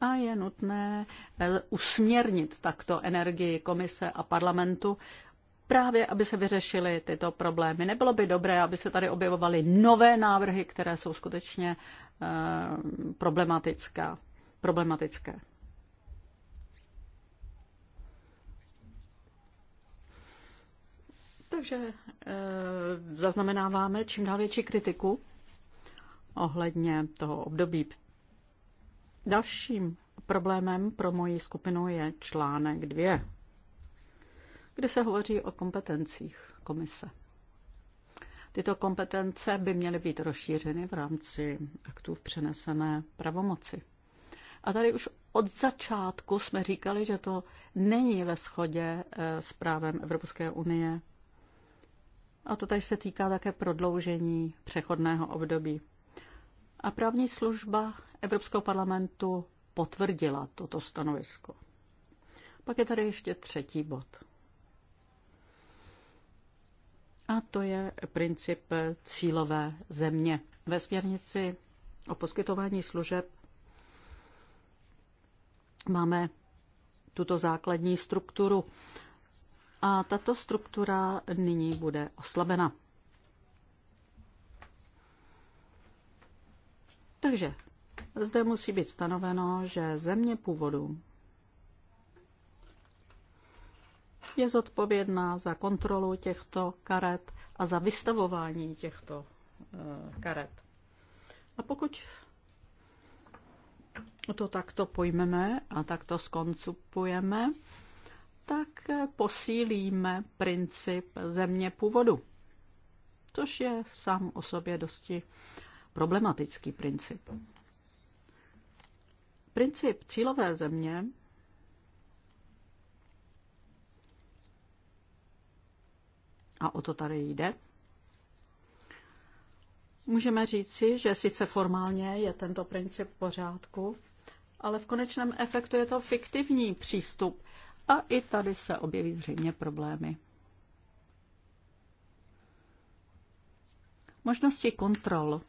A je nutné usměrnit takto energii komise a parlamentu, právě aby se vyřešily tyto problémy. Nebylo by dobré, aby se tady objevovaly nové návrhy, které jsou skutečně eh, problematická, problematické. Takže e, zaznamenáváme čím dál větší kritiku ohledně toho období. Dalším problémem pro moji skupinu je článek 2 kde se hovoří o kompetencích komise. Tyto kompetence by měly být rozšířeny v rámci aktů v přenesené pravomoci. A tady už od začátku jsme říkali, že to není ve shodě eh, s právem Evropské unie. A to tady se týká také prodloužení přechodného období. A právní služba Evropského parlamentu potvrdila toto stanovisko. Pak je tady ještě třetí bod. A to je princip cílové země. Ve směrnici o poskytování služeb máme tuto základní strukturu. A tato struktura nyní bude oslabena. Takže zde musí být stanoveno, že země původu je zodpovědná za kontrolu těchto karet a za vystavování těchto eh, karet. A pokud to takto pojmeme a takto skoncupujeme, tak posílíme princip země původu, což je sám o sobě dosti problematický princip. Princip cílové země a o to tady jde, můžeme říci, že sice formálně je tento princip v pořádku, ale v konečném efektu je to fiktivní přístup a i tady se objeví zřejmě problémy. Možnosti kontrol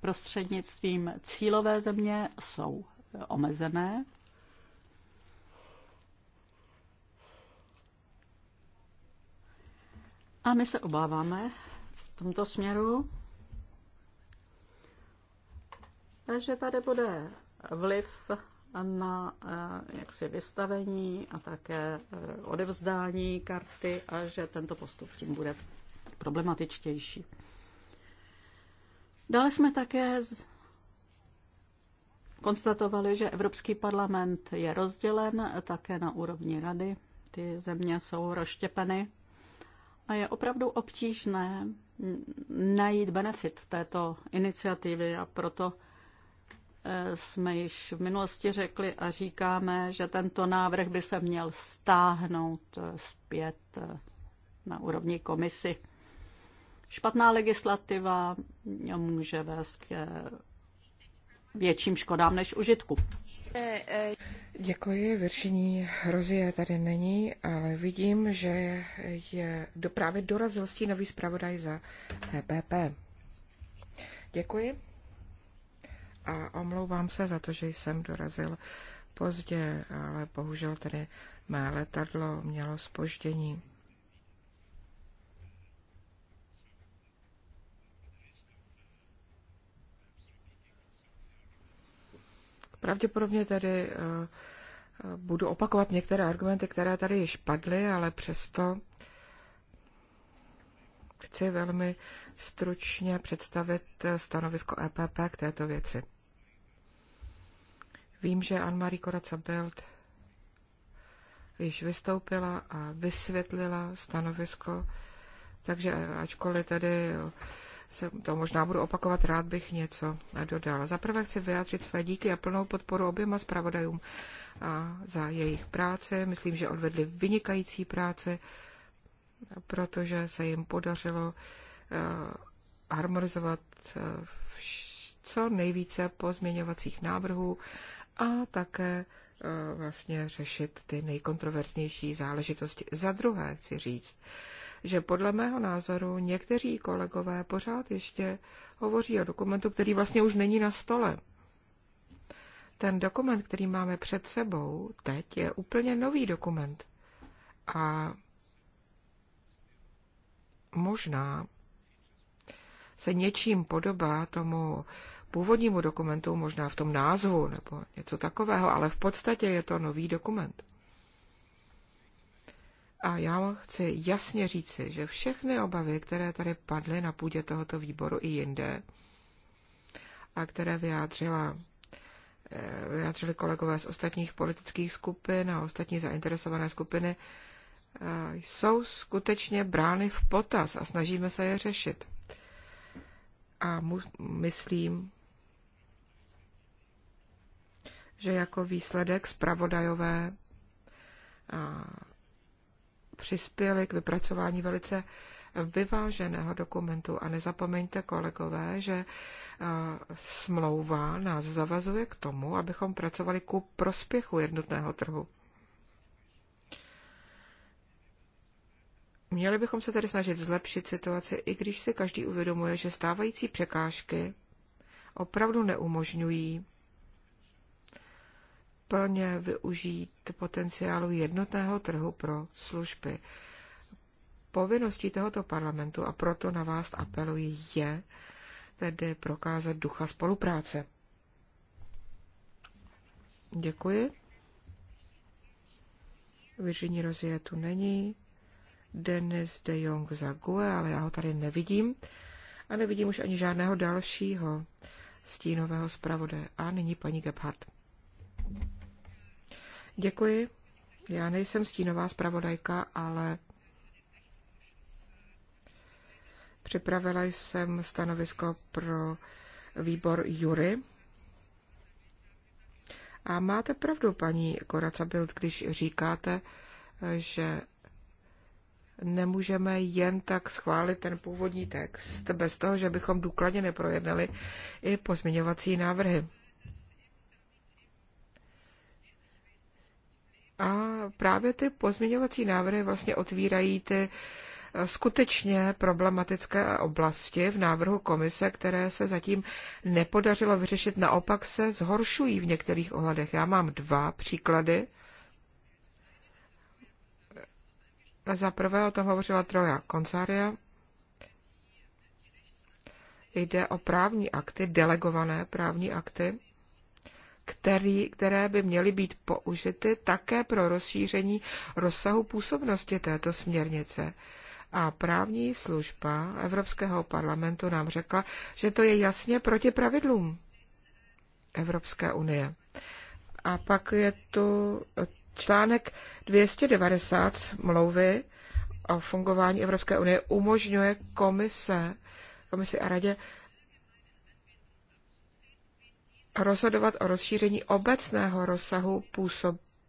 prostřednictvím cílové země jsou omezené A my se obáváme v tomto směru. Takže tady bude vliv na eh, jaksi vystavení a také odevzdání karty a že tento postup tím bude problematičtější. Dále jsme také konstatovali, že Evropský parlament je rozdělen také na úrovni rady. Ty země jsou rozštěpeny a je opravdu obtížné najít benefit této iniciativy a proto eh, jsme již v minulosti řekli a říkáme, že tento návrh by se měl stáhnout eh, zpět eh, na úrovni komisy. Špatná legislativa může vést k větším škodám než užitku. Děkuji, Viršiní Hrozie tady není, ale vidím, že je do, právě dorazil stínový zpravodaj za EPP. Děkuji a omlouvám se za to, že jsem dorazil pozdě, ale bohužel tedy mé letadlo mělo spoždění. Pravděpodobně tedy eh, eh, budu opakovat některé argumenty, které tady již padly, ale přesto chci velmi stručně představit eh, stanovisko EPP k této věci. Vím, že Anne-Marie Koraca-Bild již vystoupila a vysvětlila stanovisko, takže ačkoliv tedy se to možná budu opakovat, rád bych něco dodal. Za prvé chci vyjádřit své díky a plnou podporu oběma zpravodajům a za jejich práce. Myslím, že odvedli vynikající práce, protože se jim podařilo e, harmonizovat e, co nejvíce pozměňovacích návrhů a také e, vlastně řešit ty nejkontroverznější záležitosti. Za druhé chci říct, že podle mého názoru někteří kolegové pořád ještě hovoří o dokumentu, který vlastně už není na stole. Ten dokument, který máme před sebou teď, je úplně nový dokument. A možná se něčím podobá tomu původnímu dokumentu, možná v tom názvu nebo něco takového, ale v podstatě je to nový dokument. A já chci jasně říci, že všechny obavy, které tady padly na půdě tohoto výboru i jinde, a které vyjádřila eh, vyjádřili kolegové z ostatních politických skupin a ostatní zainteresované skupiny, eh, jsou skutečně brány v potaz a snažíme se je řešit. A mu, myslím, že jako výsledek zpravodajové přispěli k vypracování velice vyváženého dokumentu. A nezapomeňte, kolegové, že smlouva nás zavazuje k tomu, abychom pracovali ku prospěchu jednotného trhu. Měli bychom se tedy snažit zlepšit situaci, i když si každý uvědomuje, že stávající překážky opravdu neumožňují plně využít potenciálu jednotného trhu pro služby. Povinností tohoto parlamentu, a proto na vás apeluji, je tedy prokázat ducha spolupráce. Děkuji. Virginie Rozie tu není. Denis de Jong za GUE, ale já ho tady nevidím. A nevidím už ani žádného dalšího stínového zpravodaje. A nyní paní Gebhardt. Děkuji. Já nejsem stínová zpravodajka, ale připravila jsem stanovisko pro výbor Jury. A máte pravdu, paní Koraca Bild, když říkáte, že nemůžeme jen tak schválit ten původní text bez toho, že bychom důkladně neprojednali i pozměňovací návrhy. A právě ty pozměňovací návrhy vlastně otvírají ty eh, skutečně problematické oblasti v návrhu komise, které se zatím nepodařilo vyřešit, naopak se zhoršují v některých ohledech. Já mám dva příklady. Za prvé o tom hovořila Troja Koncária. Jde o právní akty, delegované právní akty, který, které by měly být použity také pro rozšíření rozsahu působnosti této směrnice. A právní služba Evropského parlamentu nám řekla, že to je jasně proti pravidlům Evropské unie. A pak je tu článek 290 smlouvy o fungování Evropské unie umožňuje komise, komisi a radě rozhodovat o rozšíření obecného rozsahu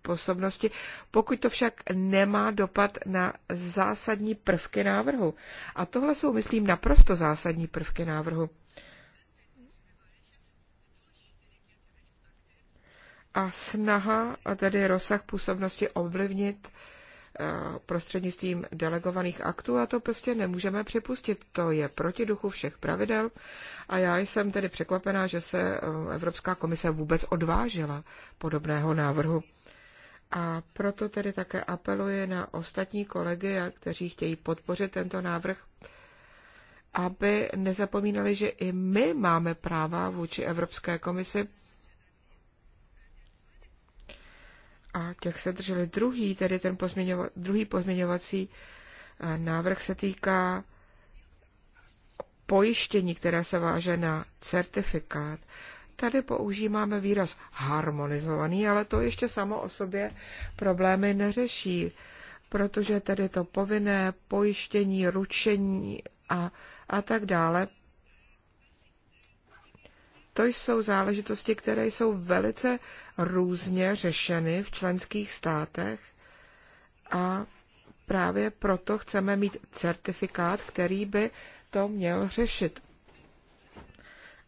působnosti, pokud to však nemá dopad na zásadní prvky návrhu. A tohle jsou, myslím, naprosto zásadní prvky návrhu. A snaha a tedy rozsah působnosti ovlivnit Eh, prostřednictvím delegovaných aktů a to prostě nemůžeme připustit. To je proti duchu všech pravidel a já jsem tedy překvapená, že se eh, Evropská komise vůbec odvážila podobného návrhu. A proto tedy také apeluji na ostatní kolegy, kteří chtějí podpořit tento návrh, aby nezapomínali, že i my máme práva vůči Evropské komisi a těch se drželi. Druhý, tedy ten pozměňova, druhý pozměňovací eh, návrh se týká pojištění, které se váže na certifikát. Tady používáme výraz harmonizovaný, ale to ještě samo o sobě problémy neřeší, protože tedy to povinné pojištění, ručení a, a tak dále to jsou záležitosti, které jsou velice různě řešeny v členských státech a právě proto chceme mít certifikát, který by to měl řešit.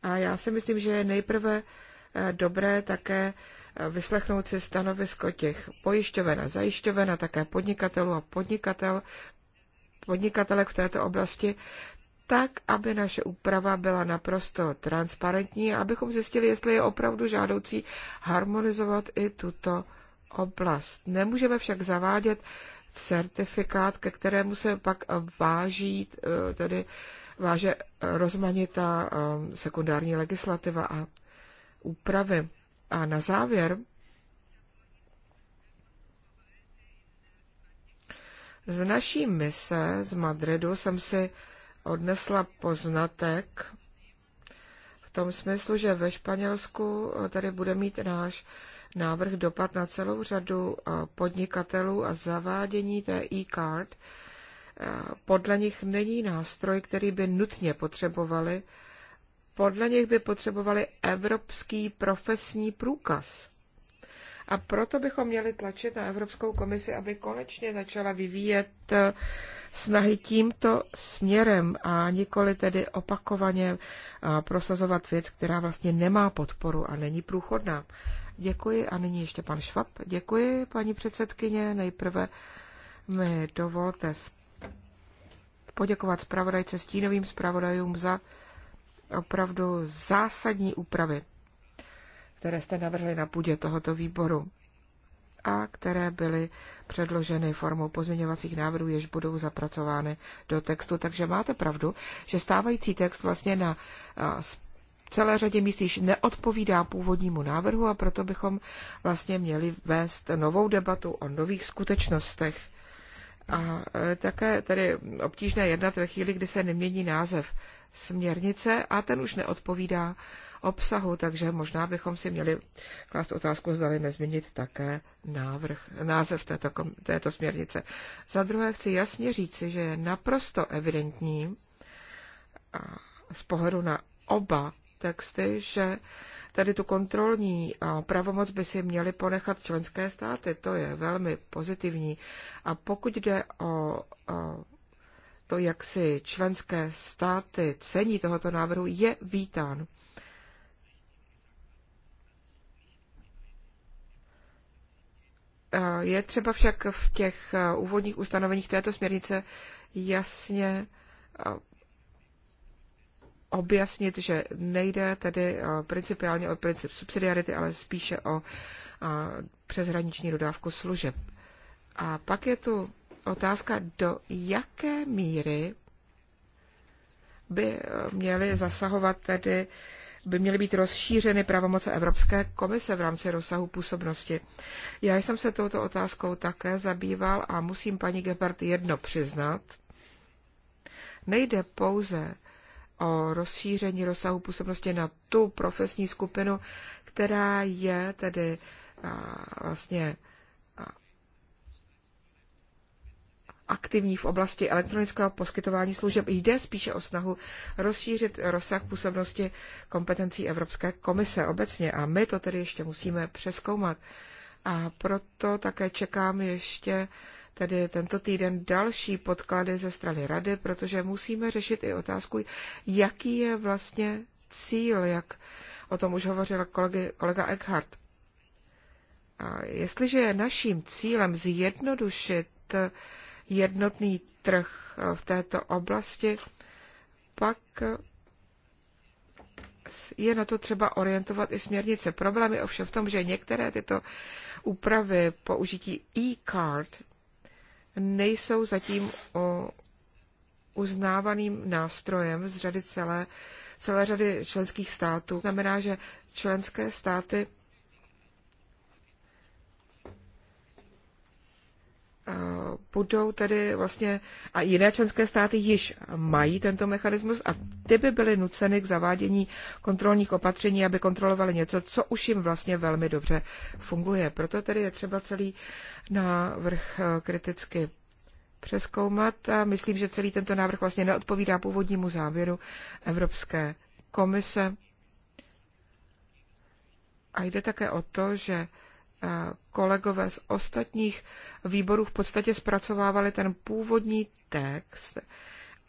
A já si myslím, že je nejprve eh, dobré také eh, vyslechnout si stanovisko těch pojišťoven a zajišťoven a také podnikatelů a podnikatel, podnikatelek v této oblasti, tak, aby naše úprava byla naprosto transparentní a abychom zjistili, jestli je opravdu žádoucí harmonizovat i tuto oblast. Nemůžeme však zavádět certifikát, ke kterému se pak váží, eh, tedy váže rozmanitá eh, sekundární legislativa a úpravy. A na závěr z naší mise z Madridu jsem si odnesla poznatek v tom smyslu, že ve Španělsku tady bude mít náš návrh dopad na celou řadu eh, podnikatelů a zavádění té e-card. Eh, podle nich není nástroj, který by nutně potřebovali. Podle nich by potřebovali evropský profesní průkaz. A proto bychom měli tlačit na Evropskou komisi, aby konečně začala vyvíjet eh, snahy tímto směrem a nikoli tedy opakovaně eh, prosazovat věc, která vlastně nemá podporu a není průchodná. Děkuji a nyní ještě pan Švab. Děkuji, paní předsedkyně. Nejprve mi dovolte poděkovat zpravodajce stínovým zpravodajům za opravdu zásadní úpravy které jste navrhli na půdě tohoto výboru a které byly předloženy formou pozměňovacích návrhů, jež budou zapracovány do textu. Takže máte pravdu, že stávající text vlastně na celé řadě míst již neodpovídá původnímu návrhu a proto bychom vlastně měli vést novou debatu o nových skutečnostech. A e, také tedy obtížné jednat ve chvíli, kdy se nemění název směrnice a ten už neodpovídá obsahu, takže možná bychom si měli klást otázku, zdali nezměnit také návrh, název této, této směrnice. Za druhé chci jasně říci, že je naprosto evidentní z pohledu na oba texty, že tady tu kontrolní pravomoc by si měly ponechat členské státy. To je velmi pozitivní. A pokud jde o, o to, jak si členské státy cení tohoto návrhu, je vítán. Eh, je třeba však v těch eh, úvodních ustanoveních této směrnice jasně eh, objasnit, že nejde tedy principiálně o princip subsidiarity, ale spíše o přeshraniční dodávku služeb. A pak je tu otázka, do jaké míry by měly zasahovat tedy uh, by měly být rozšířeny pravomoce Evropské komise v rámci rozsahu působnosti. Já jsem se touto otázkou také zabýval a musím paní Gebhardt jedno přiznat. Nejde pouze o rozšíření rozsahu působnosti na tu profesní skupinu, která je tedy vlastně aktivní v oblasti elektronického poskytování služeb. Jde spíše o snahu rozšířit rozsah působnosti kompetencí Evropské komise obecně a my to tedy ještě musíme přeskoumat. A proto také čekám ještě tedy tento týden další podklady ze strany rady, protože musíme řešit i otázku, jaký je vlastně cíl, jak o tom už hovořil kolegy, kolega Eckhart. A jestliže je naším cílem zjednodušit jednotný trh eh, v této oblasti, pak eh, je na to třeba orientovat i směrnice. problémy, ovšem v tom, že některé tyto úpravy použití e-card nejsou zatím uznávaným nástrojem z řady celé, celé řady členských států. Znamená, že členské státy budou tedy vlastně, a jiné členské státy již mají tento mechanismus a ty by byly nuceny k zavádění kontrolních opatření, aby kontrolovali něco, co už jim vlastně velmi dobře funguje. Proto tedy je třeba celý návrh eh, kriticky přeskoumat a myslím, že celý tento návrh vlastně neodpovídá původnímu závěru Evropské komise. A jde také o to, že kolegové z ostatních výborů v podstatě zpracovávali ten původní text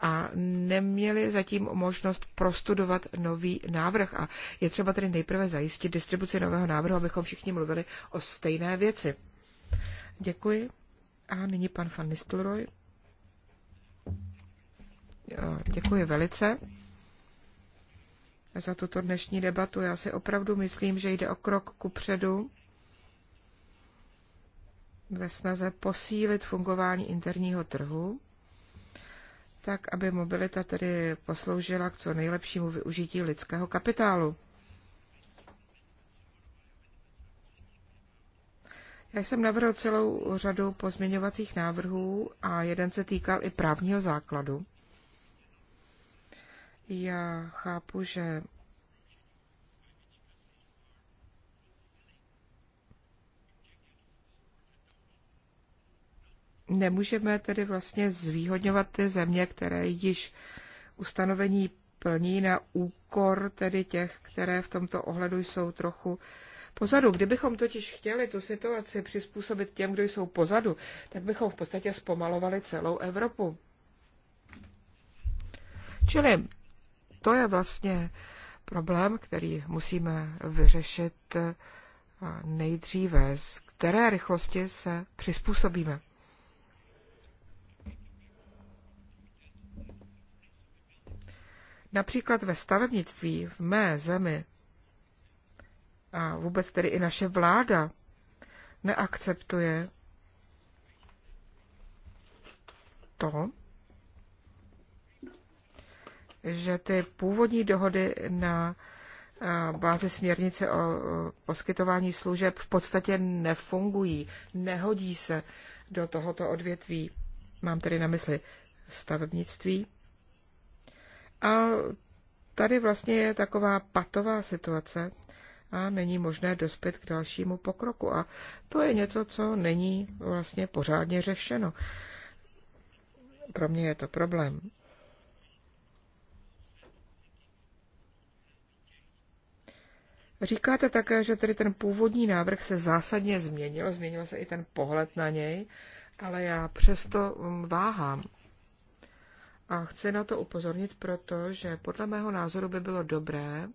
a neměli zatím možnost prostudovat nový návrh. A je třeba tedy nejprve zajistit distribuci nového návrhu, abychom všichni mluvili o stejné věci. Děkuji. A nyní pan van Nistelrooy. Děkuji velice za tuto dnešní debatu. Já si opravdu myslím, že jde o krok ku předu ve snaze posílit fungování interního trhu, tak aby mobilita tedy posloužila k co nejlepšímu využití lidského kapitálu. Já jsem navrhl celou řadu pozměňovacích návrhů a jeden se týkal i právního základu. Já chápu, že Nemůžeme tedy vlastně zvýhodňovat ty země, které již ustanovení plní na úkor tedy těch, které v tomto ohledu jsou trochu pozadu. Kdybychom totiž chtěli tu situaci přizpůsobit těm, kdo jsou pozadu, tak bychom v podstatě zpomalovali celou Evropu. Čili to je vlastně problém, který musíme vyřešit nejdříve, z které rychlosti se přizpůsobíme. Například ve stavebnictví v mé zemi a vůbec tedy i naše vláda neakceptuje to, že ty původní dohody na eh, bázi směrnice o poskytování služeb v podstatě nefungují, nehodí se do tohoto odvětví. Mám tedy na mysli stavebnictví. A tady vlastně je taková patová situace a není možné dospět k dalšímu pokroku. A to je něco, co není vlastně pořádně řešeno. Pro mě je to problém. Říkáte také, že tedy ten původní návrh se zásadně změnil, změnil se i ten pohled na něj, ale já přesto mm, váhám. A chci na to upozornit, protože podle mého názoru by bylo dobré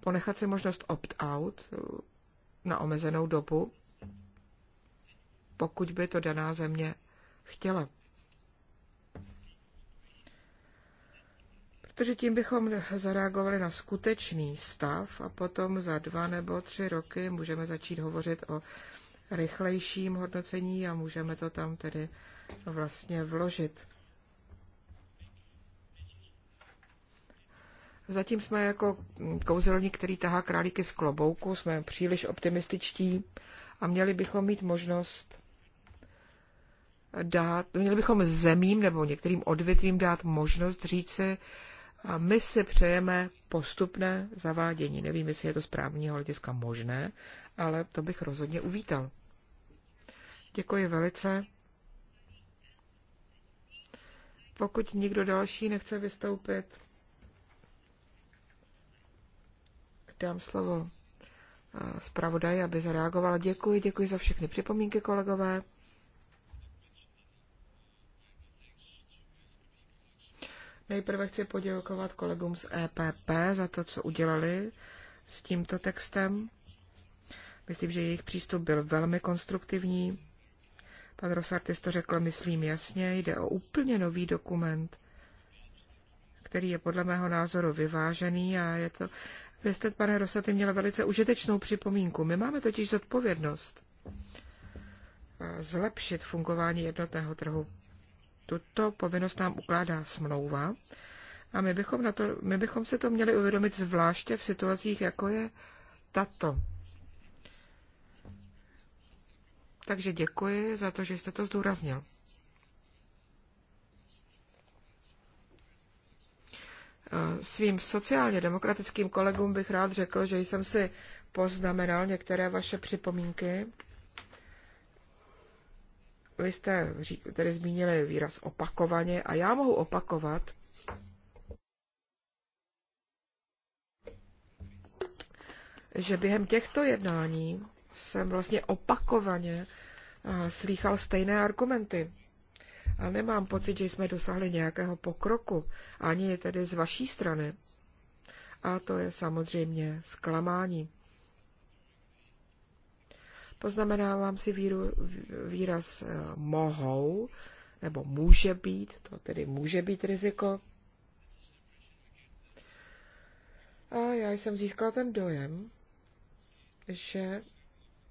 ponechat si možnost opt-out na omezenou dobu, pokud by to daná země chtěla. Protože tím bychom zareagovali na skutečný stav a potom za dva nebo tři roky můžeme začít hovořit o rychlejším hodnocení a můžeme to tam tedy vlastně vložit. Zatím jsme jako kouzelník, který tahá králíky z klobouku, jsme příliš optimističtí a měli bychom mít možnost dát, měli bychom zemím nebo některým odvětvím dát možnost říct si, a my si přejeme postupné zavádění. Nevím, jestli je to z právního hlediska možné, ale to bych rozhodně uvítal. Děkuji velice. Pokud nikdo další nechce vystoupit, dám slovo zpravodaji, aby zareagovala. Děkuji, děkuji za všechny připomínky, kolegové. Nejprve chci poděkovat kolegům z EPP za to, co udělali s tímto textem. Myslím, že jejich přístup byl velmi konstruktivní. Pan Rosartis to řekl, myslím jasně, jde o úplně nový dokument, který je podle mého názoru vyvážený a je to... Vy jste, pane Rosaty, měla velice užitečnou připomínku. My máme totiž zodpovědnost eh, zlepšit fungování jednotného trhu. Tuto povinnost nám ukládá smlouva a my bychom, na to, my bychom se to měli uvědomit zvláště v situacích, jako je tato. Takže děkuji za to, že jste to zdůraznil. svým sociálně demokratickým kolegům bych rád řekl, že jsem si poznamenal některé vaše připomínky. Vy jste tedy zmínili výraz opakovaně a já mohu opakovat, že během těchto jednání jsem vlastně opakovaně slýchal stejné argumenty. A nemám pocit, že jsme dosáhli nějakého pokroku, ani je tedy z vaší strany. A to je samozřejmě zklamání. Poznamenávám si víru, výraz eh, mohou, nebo může být, to tedy může být riziko. A já jsem získala ten dojem, že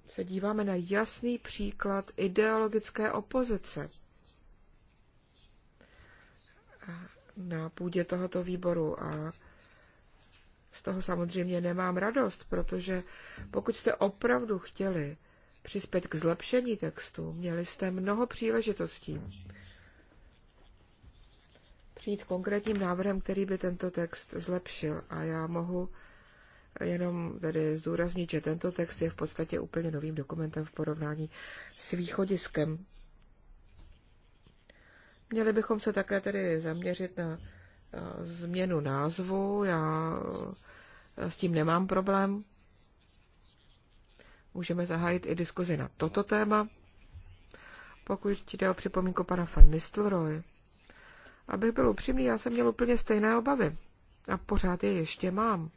se díváme na jasný příklad ideologické opozice – na půdě tohoto výboru a z toho samozřejmě nemám radost, protože pokud jste opravdu chtěli přispět k zlepšení textu, měli jste mnoho příležitostí přijít konkrétním návrhem, který by tento text zlepšil. A já mohu jenom tedy zdůraznit, že tento text je v podstatě úplně novým dokumentem v porovnání s východiskem. Měli bychom se také tedy zaměřit na eh, změnu názvu. Já eh, s tím nemám problém. Můžeme zahájit i diskuzi na toto téma. Pokud jde o připomínku pana van Nistelrooy. Abych byl upřímný, já jsem měl úplně stejné obavy. A pořád je ještě mám.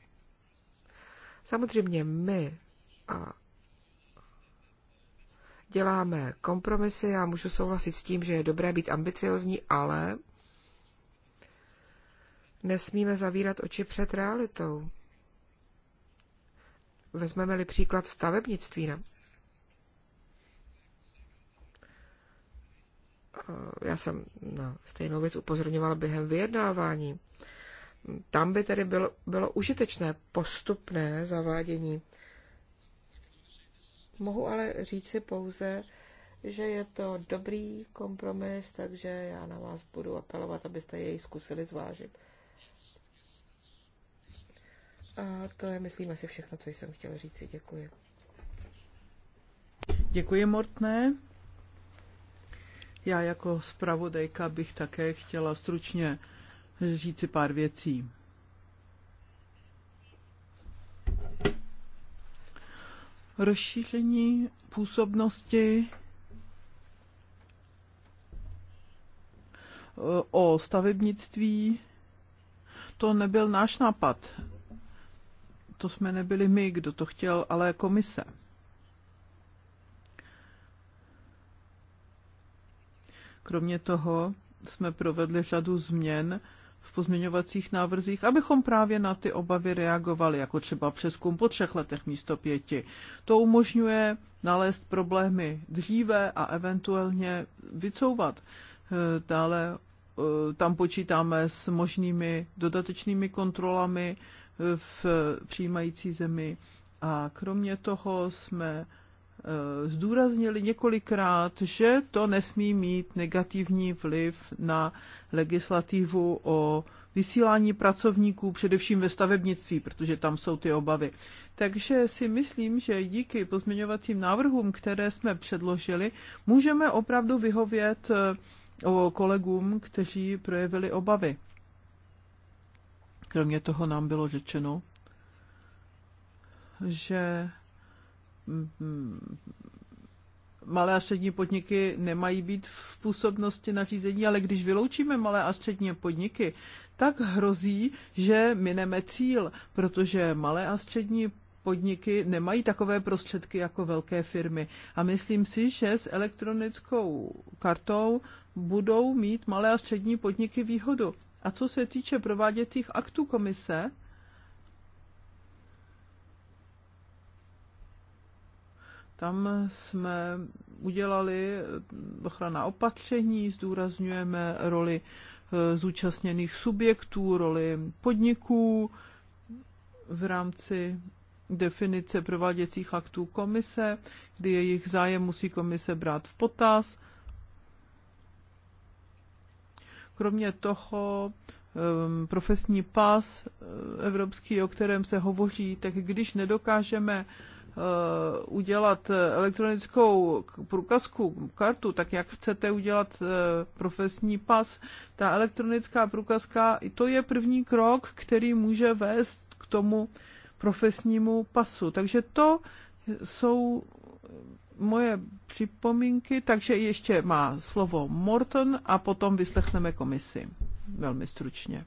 Samozřejmě my a děláme kompromisy. Já můžu souhlasit s tím, že je dobré být ambiciozní, ale nesmíme zavírat oči před realitou. Vezmeme-li příklad stavebnictví. Ne? Já jsem na stejnou věc upozorňoval během vyjednávání. Tam by tedy bylo, bylo užitečné postupné zavádění Mohu ale říci pouze, že je to dobrý kompromis, takže já na vás budu apelovat, abyste jej zkusili zvážit. A to je, myslím, asi všechno, co jsem chtěla říci. Děkuji. Děkuji, Mortné. Já jako zpravodajka bych také chtěla stručně říci pár věcí. rozšíření působnosti eh, o stavebnictví, to nebyl náš nápad. To jsme nebyli my, kdo to chtěl, ale komise. Kromě toho jsme provedli řadu změn, v pozměňovacích návrzích, abychom právě na ty obavy reagovali, jako třeba přeskum po třech letech místo pěti. To umožňuje nalézt problémy dříve a eventuálně vycouvat. Eh, dále eh, tam počítáme s možnými dodatečnými kontrolami eh, v přijímající zemi a kromě toho jsme Eh, zdůraznili několikrát, že to nesmí mít negativní vliv na legislativu o vysílání pracovníků, především ve stavebnictví, protože tam jsou ty obavy. Takže si myslím, že díky pozměňovacím návrhům, které jsme předložili, můžeme opravdu vyhovět eh, kolegům, kteří projevili obavy. Kromě toho nám bylo řečeno, že Mhm. malé a střední podniky nemají být v působnosti nařízení, ale když vyloučíme malé a střední podniky, tak hrozí, že mineme cíl, protože malé a střední podniky nemají takové prostředky jako velké firmy. A myslím si, že s elektronickou kartou budou mít malé a střední podniky výhodu. A co se týče prováděcích aktů komise, Tam jsme udělali eh, ochrana opatření, zdůrazňujeme roli eh, zúčastněných subjektů, roli podniků v rámci definice prováděcích aktů komise, kdy jejich zájem musí komise brát v potaz. Kromě toho ehm, profesní pas eh, evropský, o kterém se hovoří, tak když nedokážeme Eh, udělat elektronickou průkazku, kartu, tak jak chcete udělat eh, profesní pas, ta elektronická průkazka, to je první krok, který může vést k tomu profesnímu pasu. Takže to jsou moje připomínky, takže ještě má slovo Morton a potom vyslechneme komisi velmi stručně.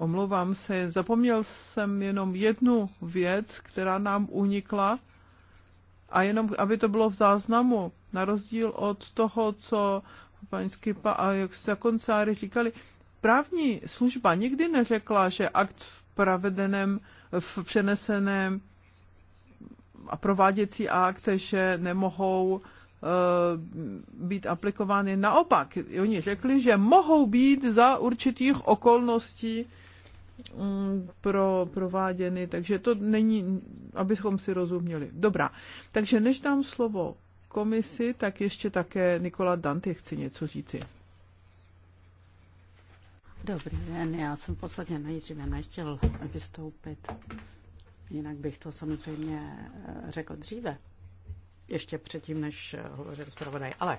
Omlouvám se, zapomněl jsem jenom jednu věc, která nám unikla. A jenom, aby to bylo v záznamu, na rozdíl od toho, co paní Skipa a jak se koncáry říkali, právní služba nikdy neřekla, že akt v pravedeném, v přeneseném a prováděcí akt, že nemohou eh, být aplikovány. Naopak, oni řekli, že mohou být za určitých okolností Mm, pro, prováděny, takže to není, abychom si rozuměli. Dobrá, takže než dám slovo komisi, tak ještě také Nikola Dante chce něco říci. Dobrý den, já jsem v podstatě nejdříve nechtěl vystoupit, jinak bych to samozřejmě eh, řekl dříve, ještě předtím, než eh, hovořil zpravodaj. Ale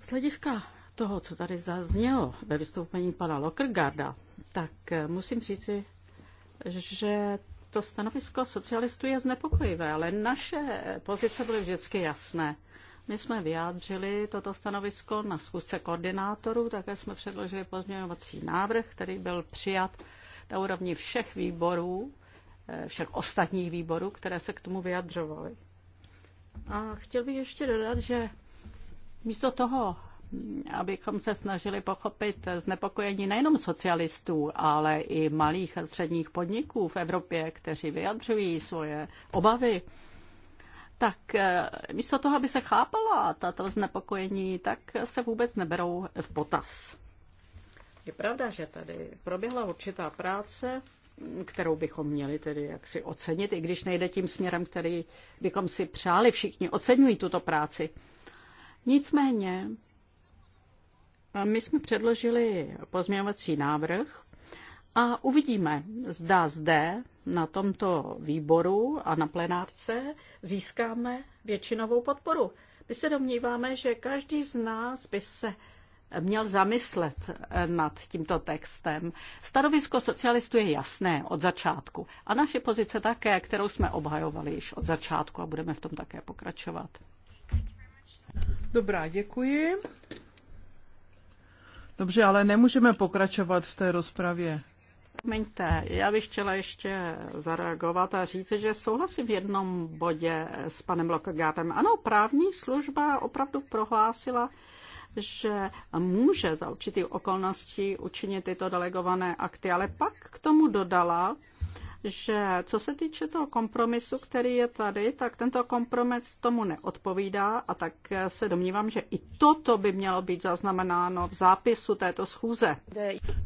z hlediska toho, co tady zaznělo ve vystoupení pana Lockergarda, tak musím říci, že to stanovisko socialistů je znepokojivé, ale naše pozice byly vždycky jasné. My jsme vyjádřili toto stanovisko na schůzce koordinátorů, také jsme předložili pozměňovací návrh, který byl přijat na úrovni všech výborů, eh, všech ostatních výborů, které se k tomu vyjadřovaly. A chtěl bych ještě dodat, že místo toho, abychom se snažili pochopit znepokojení nejenom socialistů, ale i malých a středních podniků v Evropě, kteří vyjadřují svoje obavy. Tak eh, místo toho, aby se chápala tato znepokojení, tak se vůbec neberou v potaz. Je pravda, že tady proběhla určitá práce, kterou bychom měli tedy jaksi ocenit, i když nejde tím směrem, který bychom si přáli. Všichni oceňují tuto práci. Nicméně my jsme předložili pozměňovací návrh a uvidíme, zda zde na tomto výboru a na plenárce získáme většinovou podporu. My se domníváme, že každý z nás by se měl zamyslet nad tímto textem. Stanovisko socialistů je jasné od začátku a naše pozice také, kterou jsme obhajovali již od začátku a budeme v tom také pokračovat. Dobrá, děkuji. Dobře, ale nemůžeme pokračovat v té rozpravě. Promiňte, já bych chtěla ještě zareagovat a říct, že souhlasím v jednom bodě s panem Lockegardem. Ano, právní služba opravdu prohlásila, že může za určitých okolností učinit tyto delegované akty, ale pak k tomu dodala, že co se týče toho kompromisu, který je tady, tak tento kompromis tomu neodpovídá a tak se domnívám, že i toto by mělo být zaznamenáno v zápisu této schůze.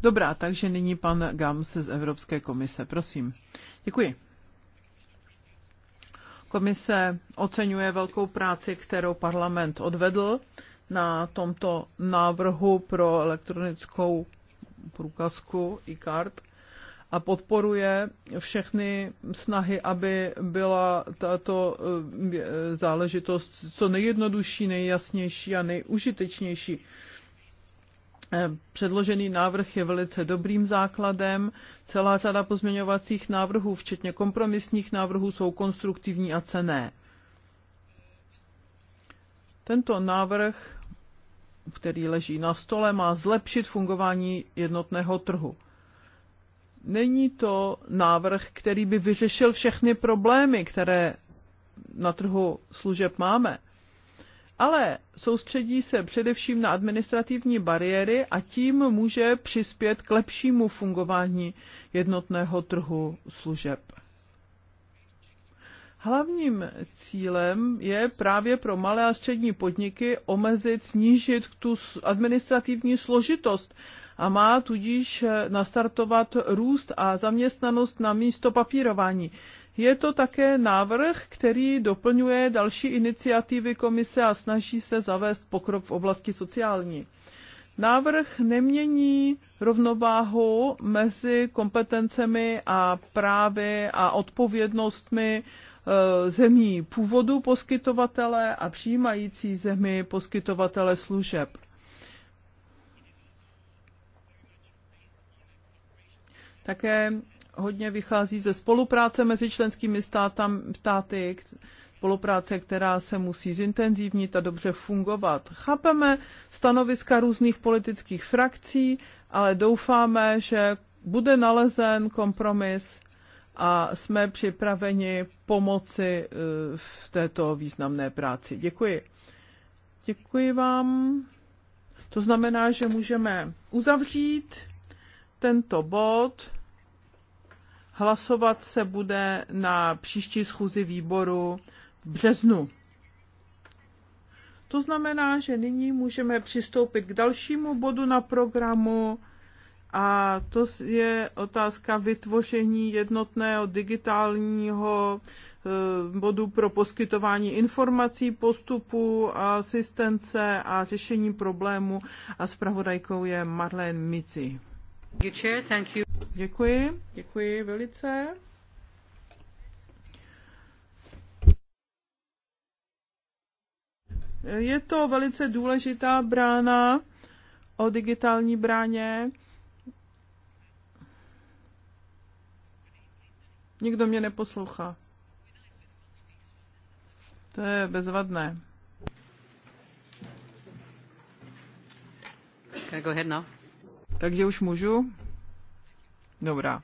Dobrá, takže nyní pan Gams z Evropské komise, prosím. Děkuji. Komise oceňuje velkou práci, kterou parlament odvedl na tomto návrhu pro elektronickou průkazku e-card a podporuje všechny snahy, aby byla tato eh, záležitost co nejjednodušší, nejjasnější a nejužitečnější. Eh, předložený návrh je velice dobrým základem. Celá řada pozměňovacích návrhů, včetně kompromisních návrhů, jsou konstruktivní a cené. Tento návrh, který leží na stole, má zlepšit fungování jednotného trhu. Není to návrh, který by vyřešil všechny problémy, které na trhu služeb máme, ale soustředí se především na administrativní bariéry a tím může přispět k lepšímu fungování jednotného trhu služeb. Hlavním cílem je právě pro malé a střední podniky omezit, snížit tu administrativní složitost a má tudíž eh, nastartovat růst a zaměstnanost na místo papírování. Je to také návrh, který doplňuje další iniciativy komise a snaží se zavést pokrok v oblasti sociální. Návrh nemění rovnováhu mezi kompetencemi a právy a odpovědnostmi eh, zemí původu poskytovatele a přijímající zemi poskytovatele služeb. také hodně vychází ze spolupráce mezi členskými státam, státy, spolupráce, která se musí zintenzivnit a dobře fungovat. Chápeme stanoviska různých politických frakcí, ale doufáme, že bude nalezen kompromis a jsme připraveni pomoci e, v této významné práci. Děkuji. Děkuji vám. To znamená, že můžeme uzavřít tento bod. Hlasovat se bude na příští schůzi výboru v březnu. To znamená, že nyní můžeme přistoupit k dalšímu bodu na programu a to je otázka vytvoření jednotného digitálního eh, bodu pro poskytování informací, postupu, asistence a řešení problému a zpravodajkou je Marlene Mici. Děkuji, děkuji velice. Je to velice důležitá brána o digitální bráně. Nikdo mě neposlouchá. To je bezvadné. Can I go ahead now? Takže už můžu? Dobrá.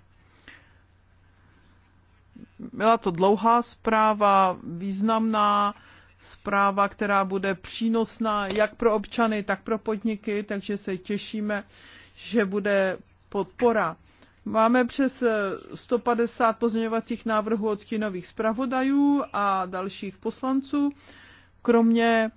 Byla to dlouhá zpráva, významná zpráva, která bude přínosná jak pro občany, tak pro podniky, takže se těšíme, že bude podpora. Máme přes 150 pozměňovacích návrhů od kinových zpravodajů a dalších poslanců, kromě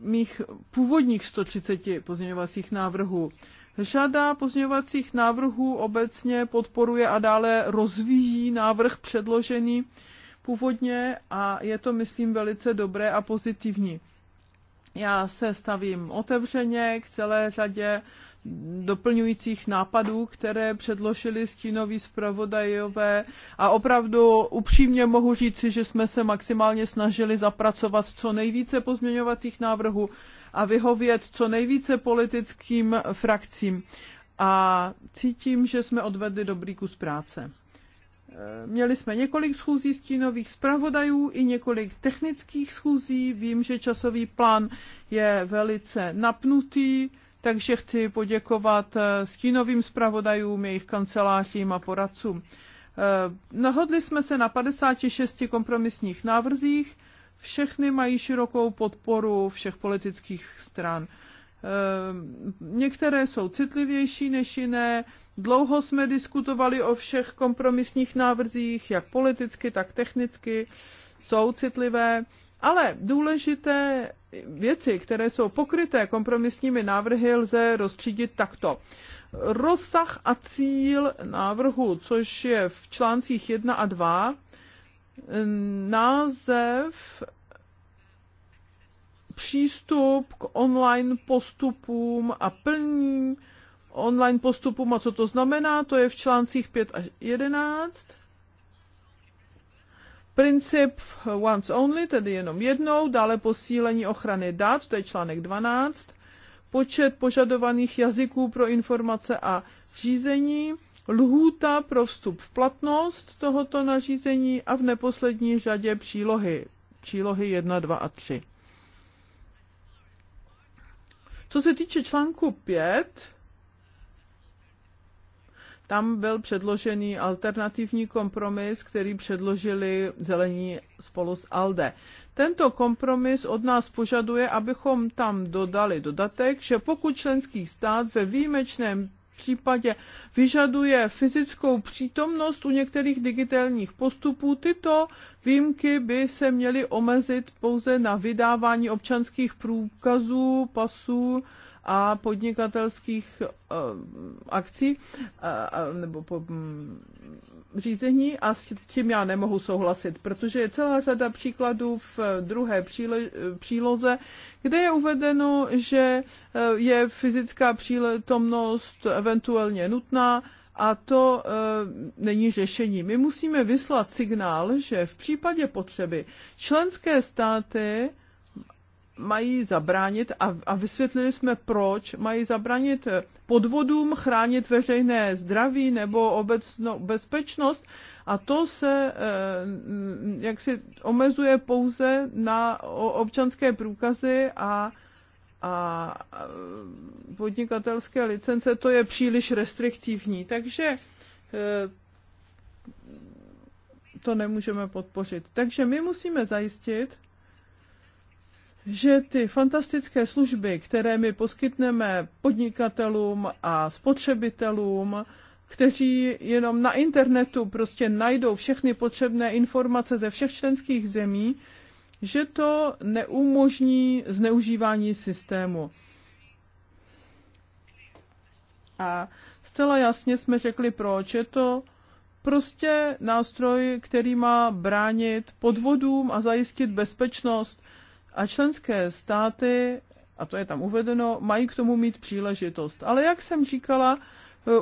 mých původních 130 pozměňovacích návrhů. Řada pozměňovacích návrhů obecně podporuje a dále rozvíjí návrh předložený původně a je to, myslím, velice dobré a pozitivní. Já se stavím otevřeně k celé řadě doplňujících nápadů, které předložili stínoví zpravodajové a opravdu upřímně mohu říci, že jsme se maximálně snažili zapracovat co nejvíce pozměňovacích návrhů a vyhovět co nejvíce politickým frakcím. A cítím, že jsme odvedli dobrý kus práce. E, měli jsme několik schůzí stínových zpravodajů i několik technických schůzí. Vím, že časový plán je velice napnutý, takže chci poděkovat e, stínovým zpravodajům, jejich kancelářím a poradcům. E, Nahodli jsme se na 56 kompromisních návrzích všechny mají širokou podporu všech politických stran. Ehm, některé jsou citlivější než jiné. Dlouho jsme diskutovali o všech kompromisních návrzích, jak politicky, tak technicky. Jsou citlivé, ale důležité věci, které jsou pokryté kompromisními návrhy, lze rozstřídit takto. Rozsah a cíl návrhu, což je v článcích 1 a 2, název přístup k online postupům a plní online postupům a co to znamená, to je v článcích 5 až 11. Princip once only, tedy jenom jednou, dále posílení ochrany dat, to je článek 12, počet požadovaných jazyků pro informace a řízení, lhůta pro vstup v platnost tohoto nařízení a v neposlední řadě přílohy, přílohy 1, 2 a 3. Co se týče článku 5, tam byl předložený alternativní kompromis, který předložili zelení spolu s ALDE. Tento kompromis od nás požaduje, abychom tam dodali dodatek, že pokud členský stát ve výjimečném případě vyžaduje fyzickou přítomnost u některých digitálních postupů, tyto výjimky by se měly omezit pouze na vydávání občanských průkazů, pasů, a podnikatelských eh, akcí eh, eh, nebo po, hm, řízení a s tím já nemohu souhlasit, protože je celá řada příkladů v druhé příle, příloze, kde je uvedeno, že je fyzická přítomnost eventuálně nutná, a to e, není řešení. My musíme vyslat signál, že v případě potřeby členské státy mají zabránit a, a vysvětlili jsme, proč mají zabránit podvodům, chránit veřejné zdraví nebo obecnou bezpečnost a to se eh, jak si omezuje pouze na občanské průkazy a a podnikatelské licence, to je příliš restriktivní. Takže eh, to nemůžeme podpořit. Takže my musíme zajistit, že ty fantastické služby, které my poskytneme podnikatelům a spotřebitelům, kteří jenom na internetu prostě najdou všechny potřebné informace ze všech členských zemí, že to neumožní zneužívání systému. A zcela jasně jsme řekli, proč je to prostě nástroj, který má bránit podvodům a zajistit bezpečnost a členské státy, a to je tam uvedeno, mají k tomu mít příležitost. Ale jak jsem říkala,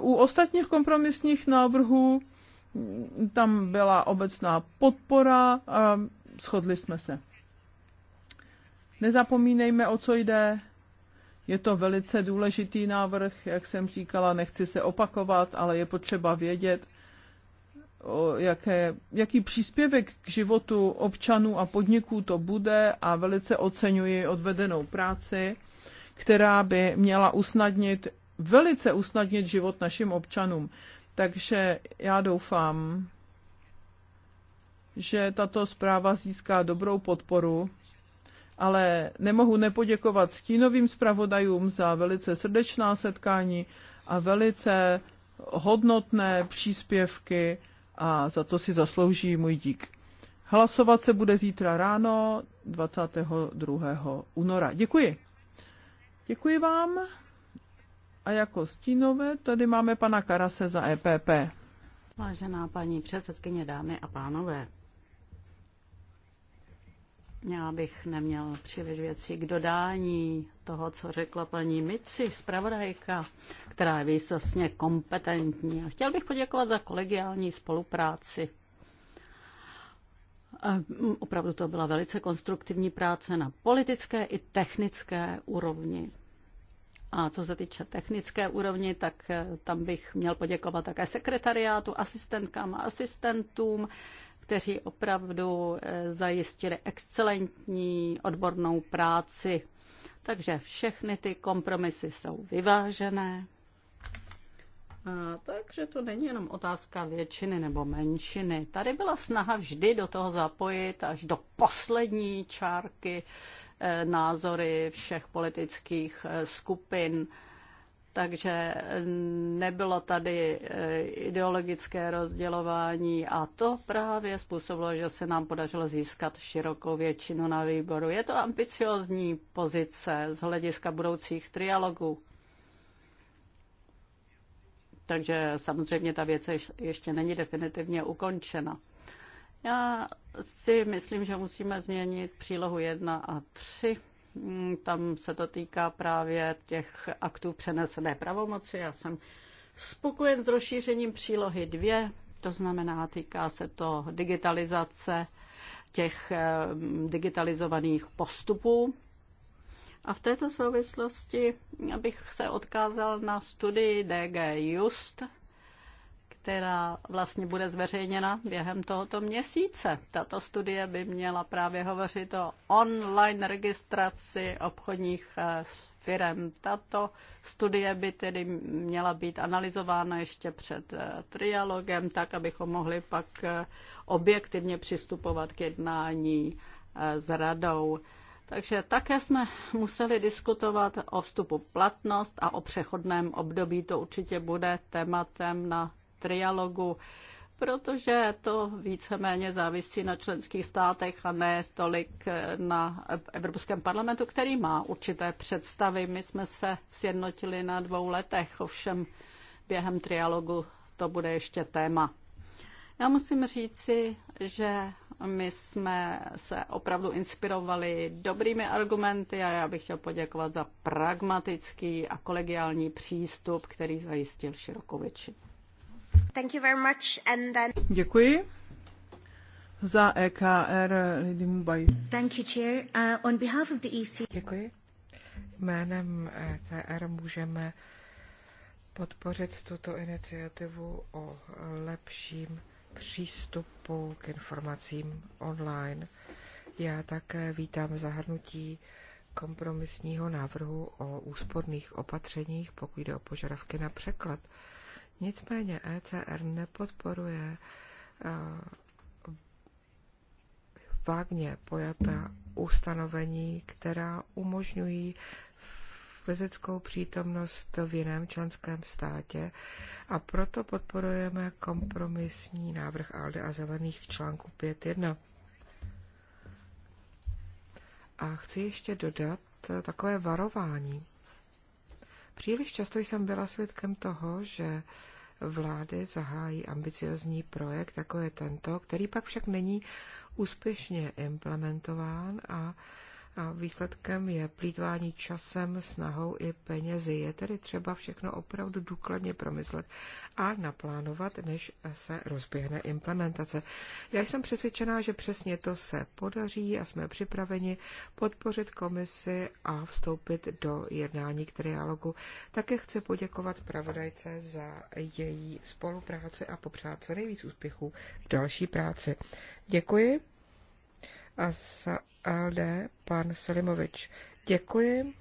u ostatních kompromisních návrhů tam byla obecná podpora a shodli jsme se. Nezapomínejme, o co jde. Je to velice důležitý návrh, jak jsem říkala, nechci se opakovat, ale je potřeba vědět, jaké, jaký příspěvek k životu občanů a podniků to bude a velice oceňuji odvedenou práci, která by měla usnadnit, velice usnadnit život našim občanům. Takže já doufám, že tato zpráva získá dobrou podporu, ale nemohu nepoděkovat stínovým zpravodajům za velice srdečná setkání a velice hodnotné příspěvky a za to si zaslouží můj dík. Hlasovat se bude zítra ráno 22. února. Děkuji. Děkuji vám. A jako stínové tady máme pana Karase za EPP. Vážená paní předsedkyně, dámy a pánové, já bych neměl příliš věcí k dodání toho, co řekla paní Mici, zpravodajka, která je výsostně kompetentní. A chtěl bych poděkovat za kolegiální spolupráci. Mm, opravdu to byla velice konstruktivní práce na politické i technické úrovni. A co se týče technické úrovni, tak eh, tam bych měl poděkovat také sekretariátu, asistentkám a asistentům, kteří opravdu eh, zajistili excelentní odbornou práci. Takže všechny ty kompromisy jsou vyvážené. A, takže to není jenom otázka většiny nebo menšiny. Tady byla snaha vždy do toho zapojit až do poslední čárky eh, názory všech politických eh, skupin takže nebylo tady eh, ideologické rozdělování a to právě způsobilo, že se nám podařilo získat širokou většinu na výboru. Je to ambiciozní pozice z hlediska budoucích trialogů. Takže samozřejmě ta věc ještě není definitivně ukončena. Já si myslím, že musíme změnit přílohu 1 a 3 Mm, tam se to týká právě těch aktů přenesené pravomoci. Já jsem spokojen s rozšířením přílohy 2, to znamená, týká se to digitalizace těch eh, digitalizovaných postupů. A v této souvislosti abych se odkázal na studii DG Just, která vlastně bude zveřejněna během tohoto měsíce. Tato studie by měla právě hovořit o online registraci obchodních eh, firm. Tato studie by tedy měla být analyzována ještě před eh, trialogem, tak abychom mohli pak eh, objektivně přistupovat k jednání s radou. Takže také jsme museli diskutovat o vstupu platnost a o přechodném období. To určitě bude tématem na trialogu, protože to víceméně závisí na členských státech a ne tolik na Evropském parlamentu, který má určité představy. My jsme se sjednotili na dvou letech, ovšem během trialogu to bude ještě téma. Já musím říci, že my jsme se opravdu inspirovali dobrými argumenty a já bych chtěl poděkovat za pragmatický a kolegiální přístup, který zajistil širokou většinu. Thank you very much and then... Děkuji. Za EKR Lidi Mumbai. Thank you, Chair. Uh, on behalf of the EC... Děkuji. Jménem EKR můžeme podpořit tuto iniciativu o lepším přístupu k informacím online. Já také vítám zahrnutí kompromisního návrhu o úsporných opatřeních, pokud jde o požadavky na překlad. Nicméně ECR nepodporuje eh, vágně pojatá ustanovení, která umožňují fyzickou přítomnost v jiném členském státě a proto podporujeme kompromisní návrh ALDE a zelených v článku 5.1. A chci ještě dodat eh, takové varování. Příliš často jsem byla svědkem toho, že vlády zahájí ambiciozní projekt, jako je tento, který pak však není úspěšně implementován a a výsledkem je plýtvání časem, snahou i penězi. Je tedy třeba všechno opravdu důkladně promyslet a naplánovat, než se rozběhne implementace. Já jsem přesvědčená, že přesně to se podaří a jsme připraveni podpořit komisi a vstoupit do jednání k trialogu. Také chci poděkovat zpravodajce za její spolupráci a popřát co nejvíc úspěchů v další práci. Děkuji a za LD pan Selimovič. Děkuji.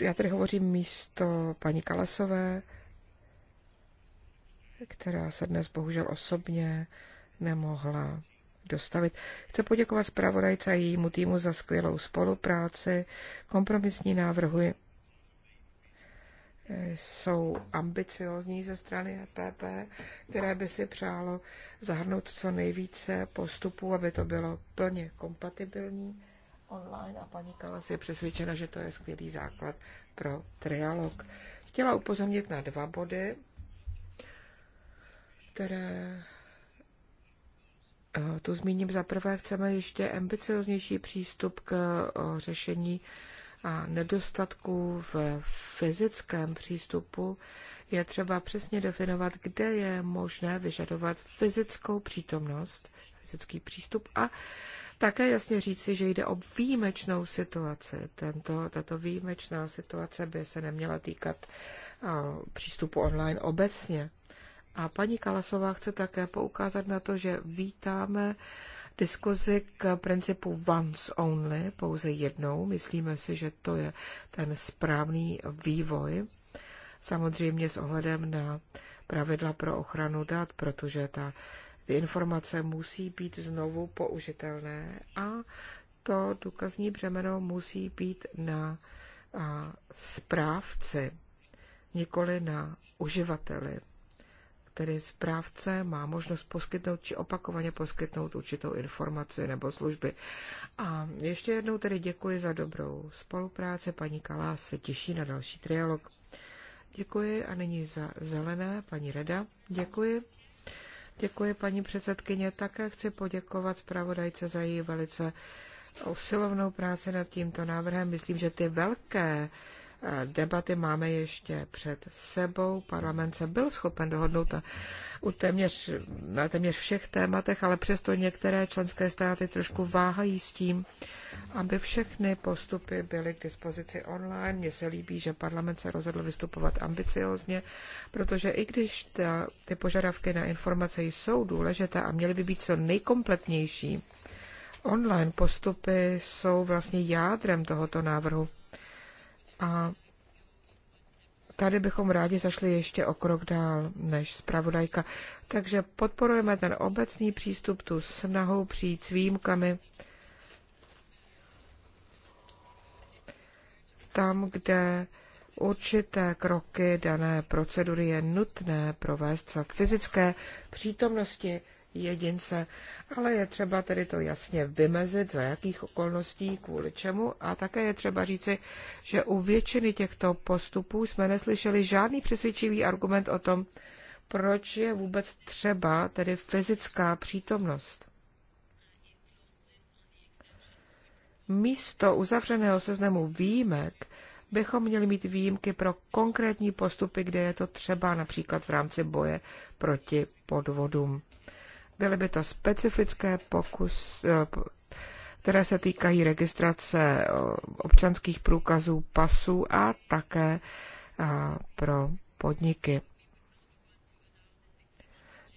Já tady hovořím místo paní Kalasové, která se dnes bohužel osobně nemohla dostavit. Chci poděkovat zpravodajce a jejímu týmu za skvělou spolupráci. Kompromisní návrhy jsou ambiciozní ze strany EPP, které by si přálo zahrnout co nejvíce postupů, aby to bylo plně kompatibilní online a paní Kalas je přesvědčena, že to je skvělý základ pro trialog. Chtěla upozornit na dva body, které eh, tu zmíním. Za prvé chceme ještě ambicioznější přístup k eh, řešení a nedostatků v fyzickém přístupu je třeba přesně definovat, kde je možné vyžadovat fyzickou přítomnost, fyzický přístup a také jasně říci, že jde o výjimečnou situaci. Tento, tato výjimečná situace by se neměla týkat přístupu online obecně. A paní Kalasová chce také poukázat na to, že vítáme diskuzi k principu once only, pouze jednou. Myslíme si, že to je ten správný vývoj. Samozřejmě s ohledem na pravidla pro ochranu dat, protože ta ty informace musí být znovu použitelné a to důkazní břemeno musí být na a, správci, nikoli na uživateli tedy správce má možnost poskytnout či opakovaně poskytnout určitou informaci nebo služby. A ještě jednou tedy děkuji za dobrou spolupráci. Paní Kalá se těší na další trialog. Děkuji a nyní za zelené paní Reda. Děkuji. Děkuji paní předsedkyně. Také chci poděkovat zpravodajce za její velice usilovnou práci nad tímto návrhem. Myslím, že ty velké debaty máme ještě před sebou. Parlament se byl schopen dohodnout na, u téměř, na téměř všech tématech, ale přesto některé členské státy trošku váhají s tím, aby všechny postupy byly k dispozici online. Mně se líbí, že parlament se rozhodl vystupovat ambiciozně, protože i když ta, ty požadavky na informace jsou důležité a měly by být co nejkompletnější, online postupy jsou vlastně jádrem tohoto návrhu. A tady bychom rádi zašli ještě o krok dál než zpravodajka. Takže podporujeme ten obecný přístup, tu snahu přijít s výjimkami tam, kde určité kroky dané procedury je nutné provést za fyzické přítomnosti jedince, ale je třeba tedy to jasně vymezit, za jakých okolností, kvůli čemu a také je třeba říci, že u většiny těchto postupů jsme neslyšeli žádný přesvědčivý argument o tom, proč je vůbec třeba tedy fyzická přítomnost. Místo uzavřeného seznamu výjimek bychom měli mít výjimky pro konkrétní postupy, kde je to třeba například v rámci boje proti podvodům byly by to specifické pokus, eh, které se týkají registrace eh, občanských průkazů, pasů a také eh, pro podniky.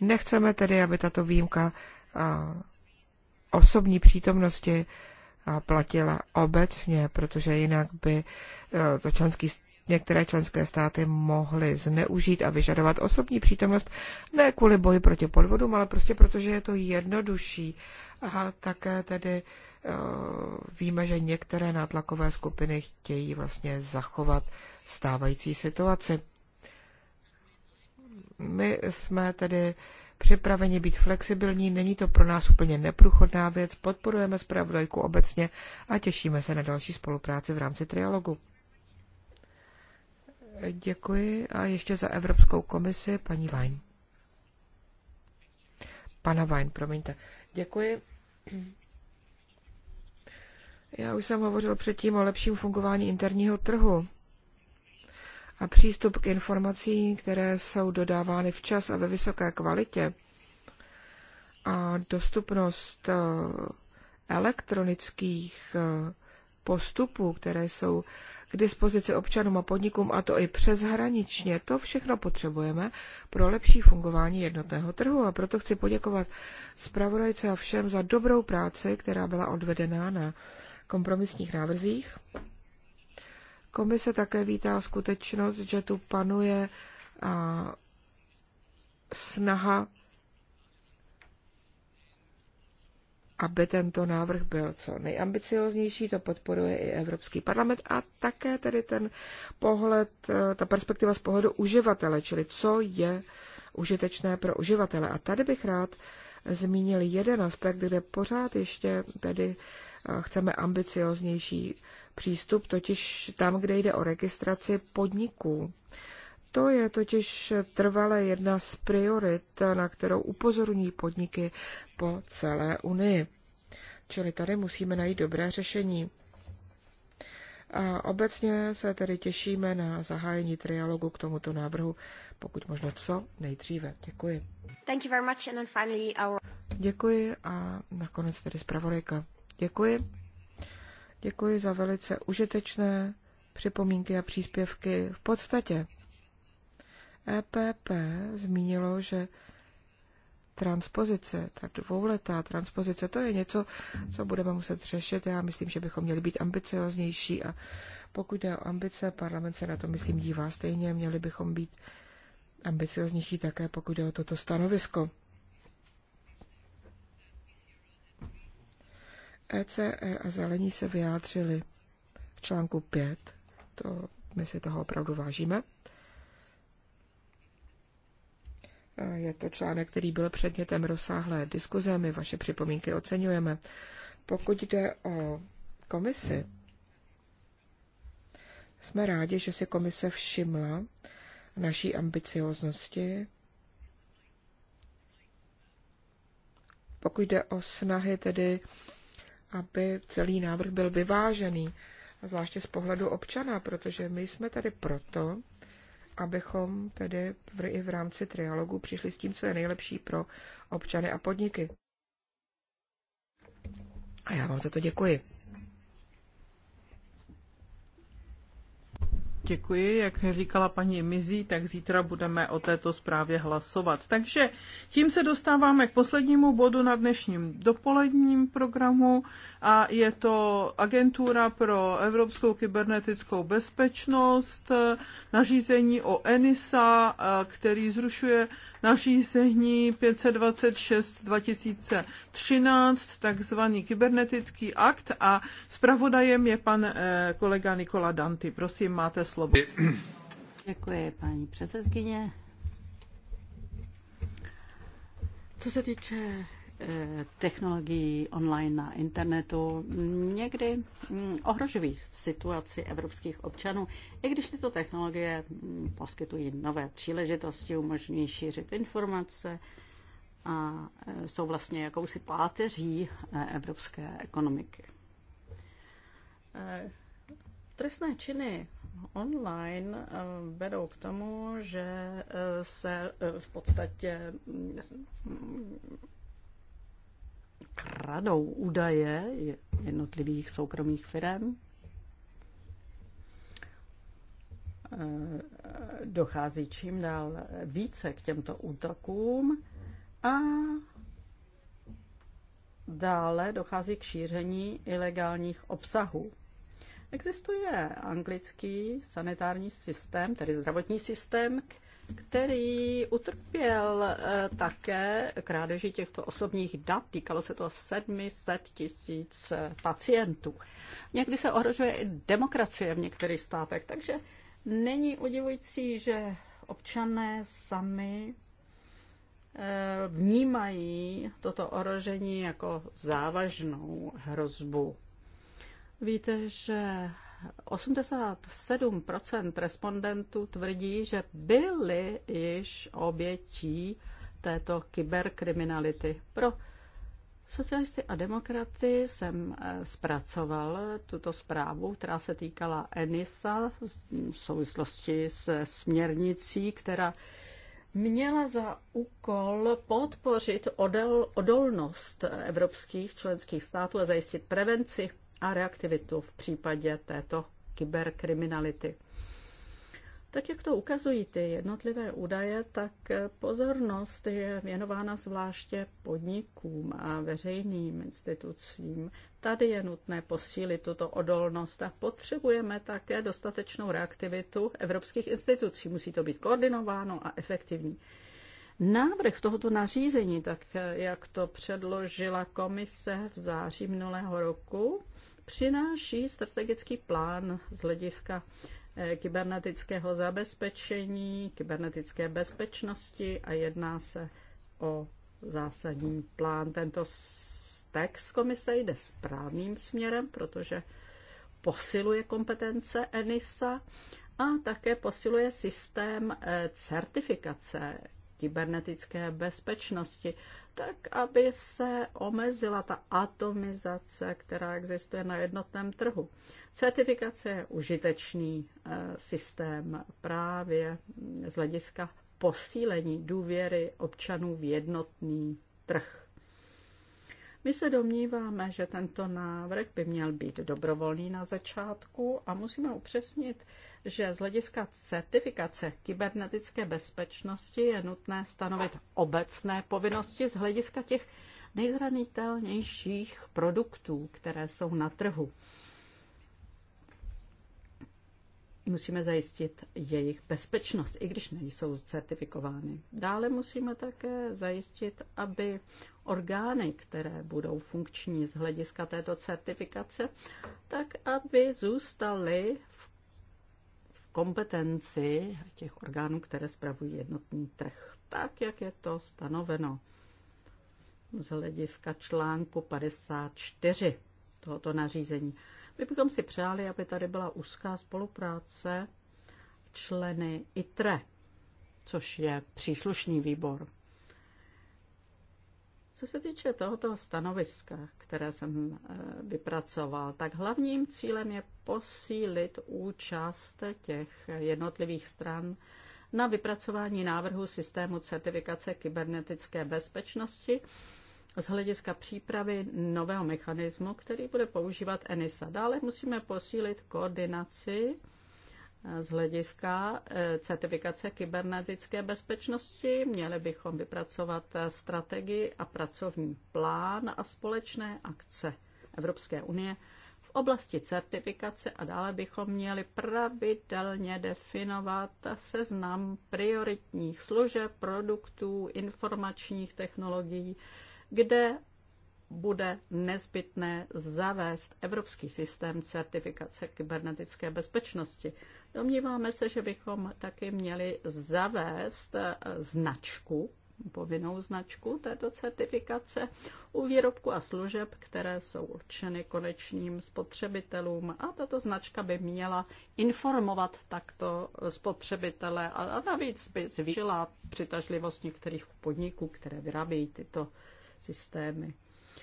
Nechceme tedy, aby tato výjimka osobní přítomnosti platila obecně, protože jinak by to členský Některé členské státy mohly zneužít a vyžadovat osobní přítomnost ne kvůli boji proti podvodům, ale prostě protože je to jednodušší. A také tedy eh, víme, že některé nátlakové skupiny chtějí vlastně zachovat stávající situaci. My jsme tedy připraveni být flexibilní, není to pro nás úplně neprůchodná věc, podporujeme zpravodajku obecně a těšíme se na další spolupráci v rámci trialogu. Děkuji a ještě za Evropskou komisi paní Vajn. Pana Vajn, promiňte. Děkuji. Já už jsem hovořil předtím o lepším fungování interního trhu a přístup k informacím, které jsou dodávány včas a ve vysoké kvalitě a dostupnost eh, elektronických eh, postupů, které jsou k dispozici občanům a podnikům, a to i přeshraničně. To všechno potřebujeme pro lepší fungování jednotného trhu a proto chci poděkovat zpravodajce a všem za dobrou práci, která byla odvedena na kompromisních návrzích. Komise také vítá skutečnost, že tu panuje snaha aby tento návrh byl co nejambicioznější, to podporuje i Evropský parlament a také tedy ten pohled, eh, ta perspektiva z pohledu uživatele, čili co je užitečné pro uživatele. A tady bych rád zmínil jeden aspekt, kde pořád ještě tedy eh, chceme ambicioznější přístup, totiž tam, kde jde o registraci podniků. To je totiž trvale jedna z priorit, na kterou upozorní podniky po celé Unii. Čili tady musíme najít dobré řešení. A obecně se tedy těšíme na zahájení trialogu k tomuto návrhu, pokud možno co nejdříve. Děkuji. Thank you very much and then finally our... Děkuji a nakonec tedy zpravodajka. Děkuji. Děkuji za velice užitečné připomínky a příspěvky. V podstatě EPP zmínilo, že transpozice, ta dvouletá transpozice, to je něco, co budeme muset řešit. Já myslím, že bychom měli být ambicioznější a pokud je o ambice, parlament se na to, myslím, dívá stejně, měli bychom být ambicioznější také, pokud je o toto stanovisko. ECR a zelení se vyjádřili v článku 5, to my si toho opravdu vážíme. Eh, je to článek, který byl předmětem rozsáhlé diskuze, my vaše připomínky oceňujeme. Pokud jde o komisi, jsme rádi, že si komise všimla naší ambicioznosti. Pokud jde o snahy tedy, aby celý návrh byl vyvážený, zvláště z pohledu občana, protože my jsme tady proto, abychom tedy v, i v rámci trialogu přišli s tím, co je nejlepší pro občany a podniky. A já vám za to děkuji. Děkuji. Jak říkala paní Mizí, tak zítra budeme o této zprávě hlasovat. Takže tím se dostáváme k poslednímu bodu na dnešním dopoledním programu a je to Agentura pro evropskou kybernetickou bezpečnost, nařízení o ENISA, eh, který zrušuje nařízení 526 2013, takzvaný kybernetický akt a zpravodajem je pan eh, kolega Nikola Danty. Prosím, máte slovo. Děkuji, paní předsedkyně. Co se týče Eh, technologií online na internetu někdy mm, ohrožují situaci evropských občanů, i když tyto technologie mm, poskytují nové příležitosti, umožňují šířit informace a eh, jsou vlastně jakousi páteří eh, evropské ekonomiky. Trestné činy online vedou k tomu, že se v podstatě mm, kradou údaje jednotlivých soukromých firm. Eh, dochází čím dál více k těmto útokům a dále dochází k šíření ilegálních obsahů. Existuje anglický sanitární systém, tedy zdravotní systém, který utrpěl eh, také krádeži těchto osobních dat. Týkalo se to 700 tisíc eh, pacientů. Někdy se ohrožuje i demokracie v některých státech, takže není udivující, že občané sami eh, vnímají toto ohrožení jako závažnou hrozbu. Víte, že 87 respondentů tvrdí, že byli již obětí této kyberkriminality. Pro socialisty a demokraty jsem eh, zpracoval tuto zprávu, která se týkala ENISA v souvislosti s směrnicí, která měla za úkol podpořit odolnost evropských členských států a zajistit prevenci a reaktivitu v případě této kyberkriminality. Tak jak to ukazují ty jednotlivé údaje, tak pozornost je věnována zvláště podnikům a veřejným institucím. Tady je nutné posílit tuto odolnost a potřebujeme také dostatečnou reaktivitu evropských institucí. Musí to být koordinováno a efektivní. Návrh tohoto nařízení, tak jak to předložila komise v září minulého roku, přináší strategický plán z hlediska eh, kybernetického zabezpečení, kybernetické bezpečnosti a jedná se o zásadní plán. Tento text komise jde správným směrem, protože posiluje kompetence ENISA a také posiluje systém eh, certifikace kybernetické bezpečnosti tak aby se omezila ta atomizace, která existuje na jednotném trhu. Certifikace je užitečný eh, systém právě z hlediska posílení důvěry občanů v jednotný trh. My se domníváme, že tento návrh by měl být dobrovolný na začátku a musíme upřesnit, že z hlediska certifikace kybernetické bezpečnosti je nutné stanovit obecné povinnosti z hlediska těch nejzranitelnějších produktů, které jsou na trhu. Musíme zajistit jejich bezpečnost, i když nejsou certifikovány. Dále musíme také zajistit, aby orgány, které budou funkční z hlediska této certifikace, tak aby zůstaly v kompetenci těch orgánů, které spravují jednotný trh, tak, jak je to stanoveno z hlediska článku 54 tohoto nařízení. My bychom si přáli, aby tady byla úzká spolupráce členy ITRE, což je příslušný výbor. Co se týče tohoto stanoviska, které jsem eh, vypracoval, tak hlavním cílem je posílit účast těch jednotlivých stran na vypracování návrhu systému certifikace kybernetické bezpečnosti z hlediska přípravy nového mechanismu, který bude používat ENISA. Dále musíme posílit koordinaci z hlediska e, certifikace kybernetické bezpečnosti. Měli bychom vypracovat e, strategii a pracovní plán a společné akce Evropské unie v oblasti certifikace a dále bychom měli pravidelně definovat seznam prioritních služeb, produktů, informačních technologií, kde bude nezbytné zavést evropský systém certifikace kybernetické bezpečnosti. Domníváme se, že bychom taky měli zavést eh, značku, povinnou značku této certifikace u výrobku a služeb, které jsou určeny konečným spotřebitelům. A tato značka by měla informovat takto spotřebitele a navíc by zvýšila přitažlivost některých podniků, které vyrábějí tyto systémy.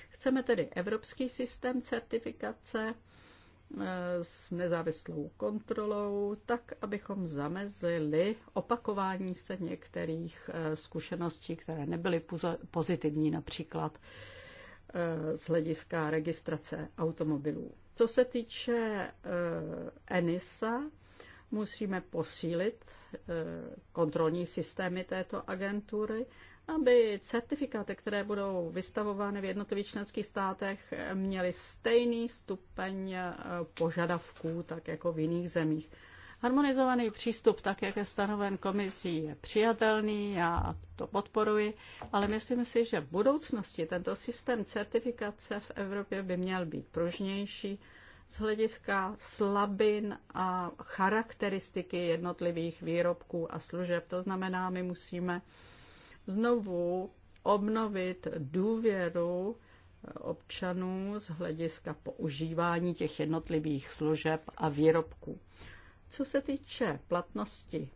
Chceme tedy evropský systém certifikace, Eh, s nezávislou kontrolou, tak abychom zamezili opakování se některých eh, zkušeností, které nebyly pozitivní, například eh, z hlediska registrace automobilů. Co se týče ENISA, musíme posílit kontrolní systémy této agentury aby certifikáty, které budou vystavovány v jednotlivých členských státech, měly stejný stupeň eh, požadavků, tak jako v jiných zemích. Harmonizovaný přístup, tak jak je stanoven komisí, je přijatelný, já to podporuji, ale myslím si, že v budoucnosti tento systém certifikace v Evropě by měl být pružnější z hlediska slabin a charakteristiky jednotlivých výrobků a služeb. To znamená, my musíme znovu obnovit důvěru občanů z hlediska používání těch jednotlivých služeb a výrobků. Co se týče platnosti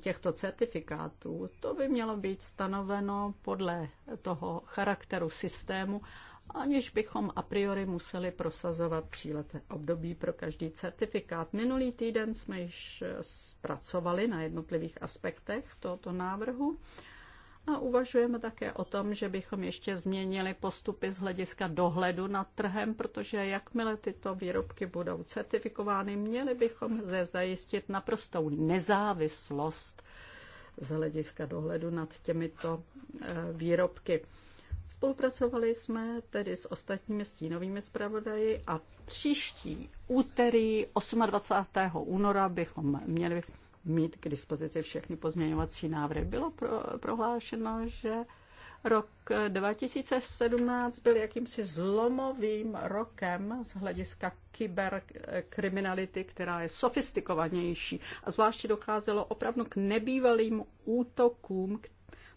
těchto certifikátů, to by mělo být stanoveno podle toho charakteru systému, aniž bychom a priori museli prosazovat tříleté období pro každý certifikát. Minulý týden jsme již eh, zpracovali na jednotlivých aspektech tohoto návrhu a uvažujeme také o tom, že bychom ještě změnili postupy z hlediska dohledu nad trhem, protože jakmile tyto výrobky budou certifikovány, měli bychom zde zajistit naprostou nezávislost z hlediska dohledu nad těmito eh, výrobky. Spolupracovali jsme tedy s ostatními stínovými zpravodaji a příští úterý 28. února bychom měli mít k dispozici všechny pozměňovací návrhy. Bylo pro, prohlášeno, že rok 2017 eh, byl jakýmsi zlomovým rokem z hlediska kyberkriminality, která je sofistikovanější. A zvláště docházelo opravdu k nebývalým útokům,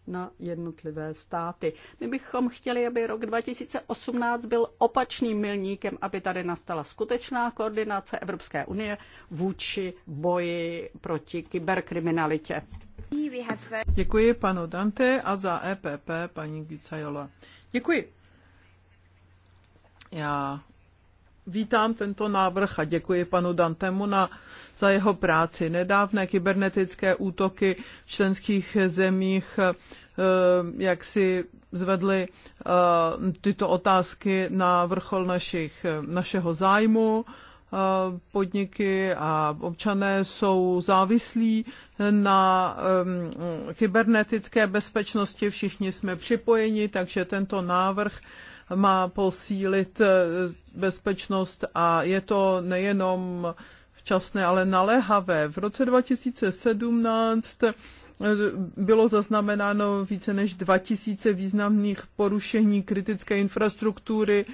na jednotlivé státy. My bychom chtěli, aby rok 2018 byl opačným milníkem, aby tady nastala skutečná koordinace Evropské unie vůči boji proti kyberkriminalitě. Děkuji panu Dante a za EPP paní Gicajola. Děkuji. Já Vítám tento návrh a děkuji panu Dantemu na, za jeho práci. Nedávné kybernetické útoky v členských zemích eh, jak si zvedly eh, tyto otázky na vrchol našich, eh, našeho zájmu podniky a občané jsou závislí na kybernetické bezpečnosti. Všichni jsme připojeni, takže tento návrh má posílit eh, bezpečnost a je to nejenom včasné, ale naléhavé. V roce 2017 eh, bylo zaznamenáno více než 2000 významných porušení kritické infrastruktury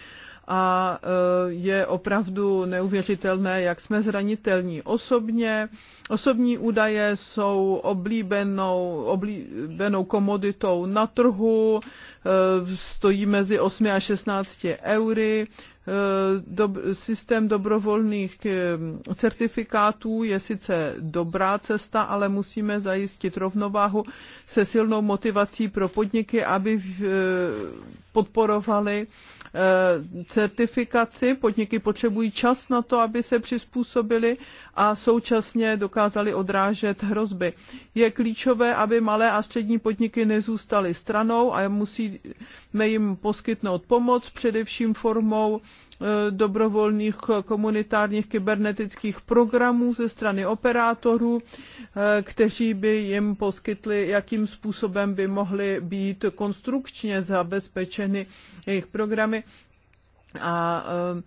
a e, je opravdu neuvěřitelné, jak jsme zranitelní. Osobně, osobní údaje jsou oblíbenou, oblíbenou komoditou na trhu, e, stojí mezi 8 a 16 eury. E, Do, systém dobrovolných certifikátů je sice dobrá cesta, ale musíme zajistit rovnováhu se silnou motivací pro podniky, aby podporovali Eh, certifikaci. Podniky potřebují čas na to, aby se přizpůsobili a současně dokázali odrážet hrozby. Je klíčové, aby malé a střední podniky nezůstaly stranou a musíme jim poskytnout pomoc, především formou Eh, dobrovolných komunitárních kybernetických programů ze strany operátorů, eh, kteří by jim poskytli, jakým způsobem by mohly být konstrukčně zabezpečeny jejich programy. A eh,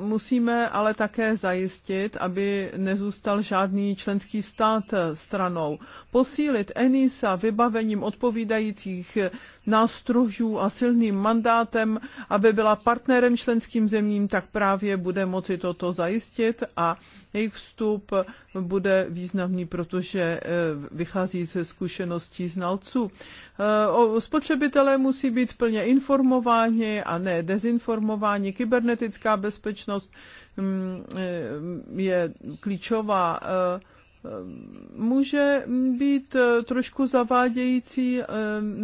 musíme ale také zajistit, aby nezůstal žádný členský stát stranou. Posílit ENISA vybavením odpovídajících nástrojů a silným mandátem, aby byla partnerem členským zemím, tak právě bude moci toto zajistit a jejich vstup bude významný, protože eh, vychází ze zkušeností znalců. Eh, spotřebitelé musí být plně informováni a ne dezinformováni. Kybernetická bezpečnost mm, eh, je klíčová Ehm, může být eh, trošku zavádějící ehm,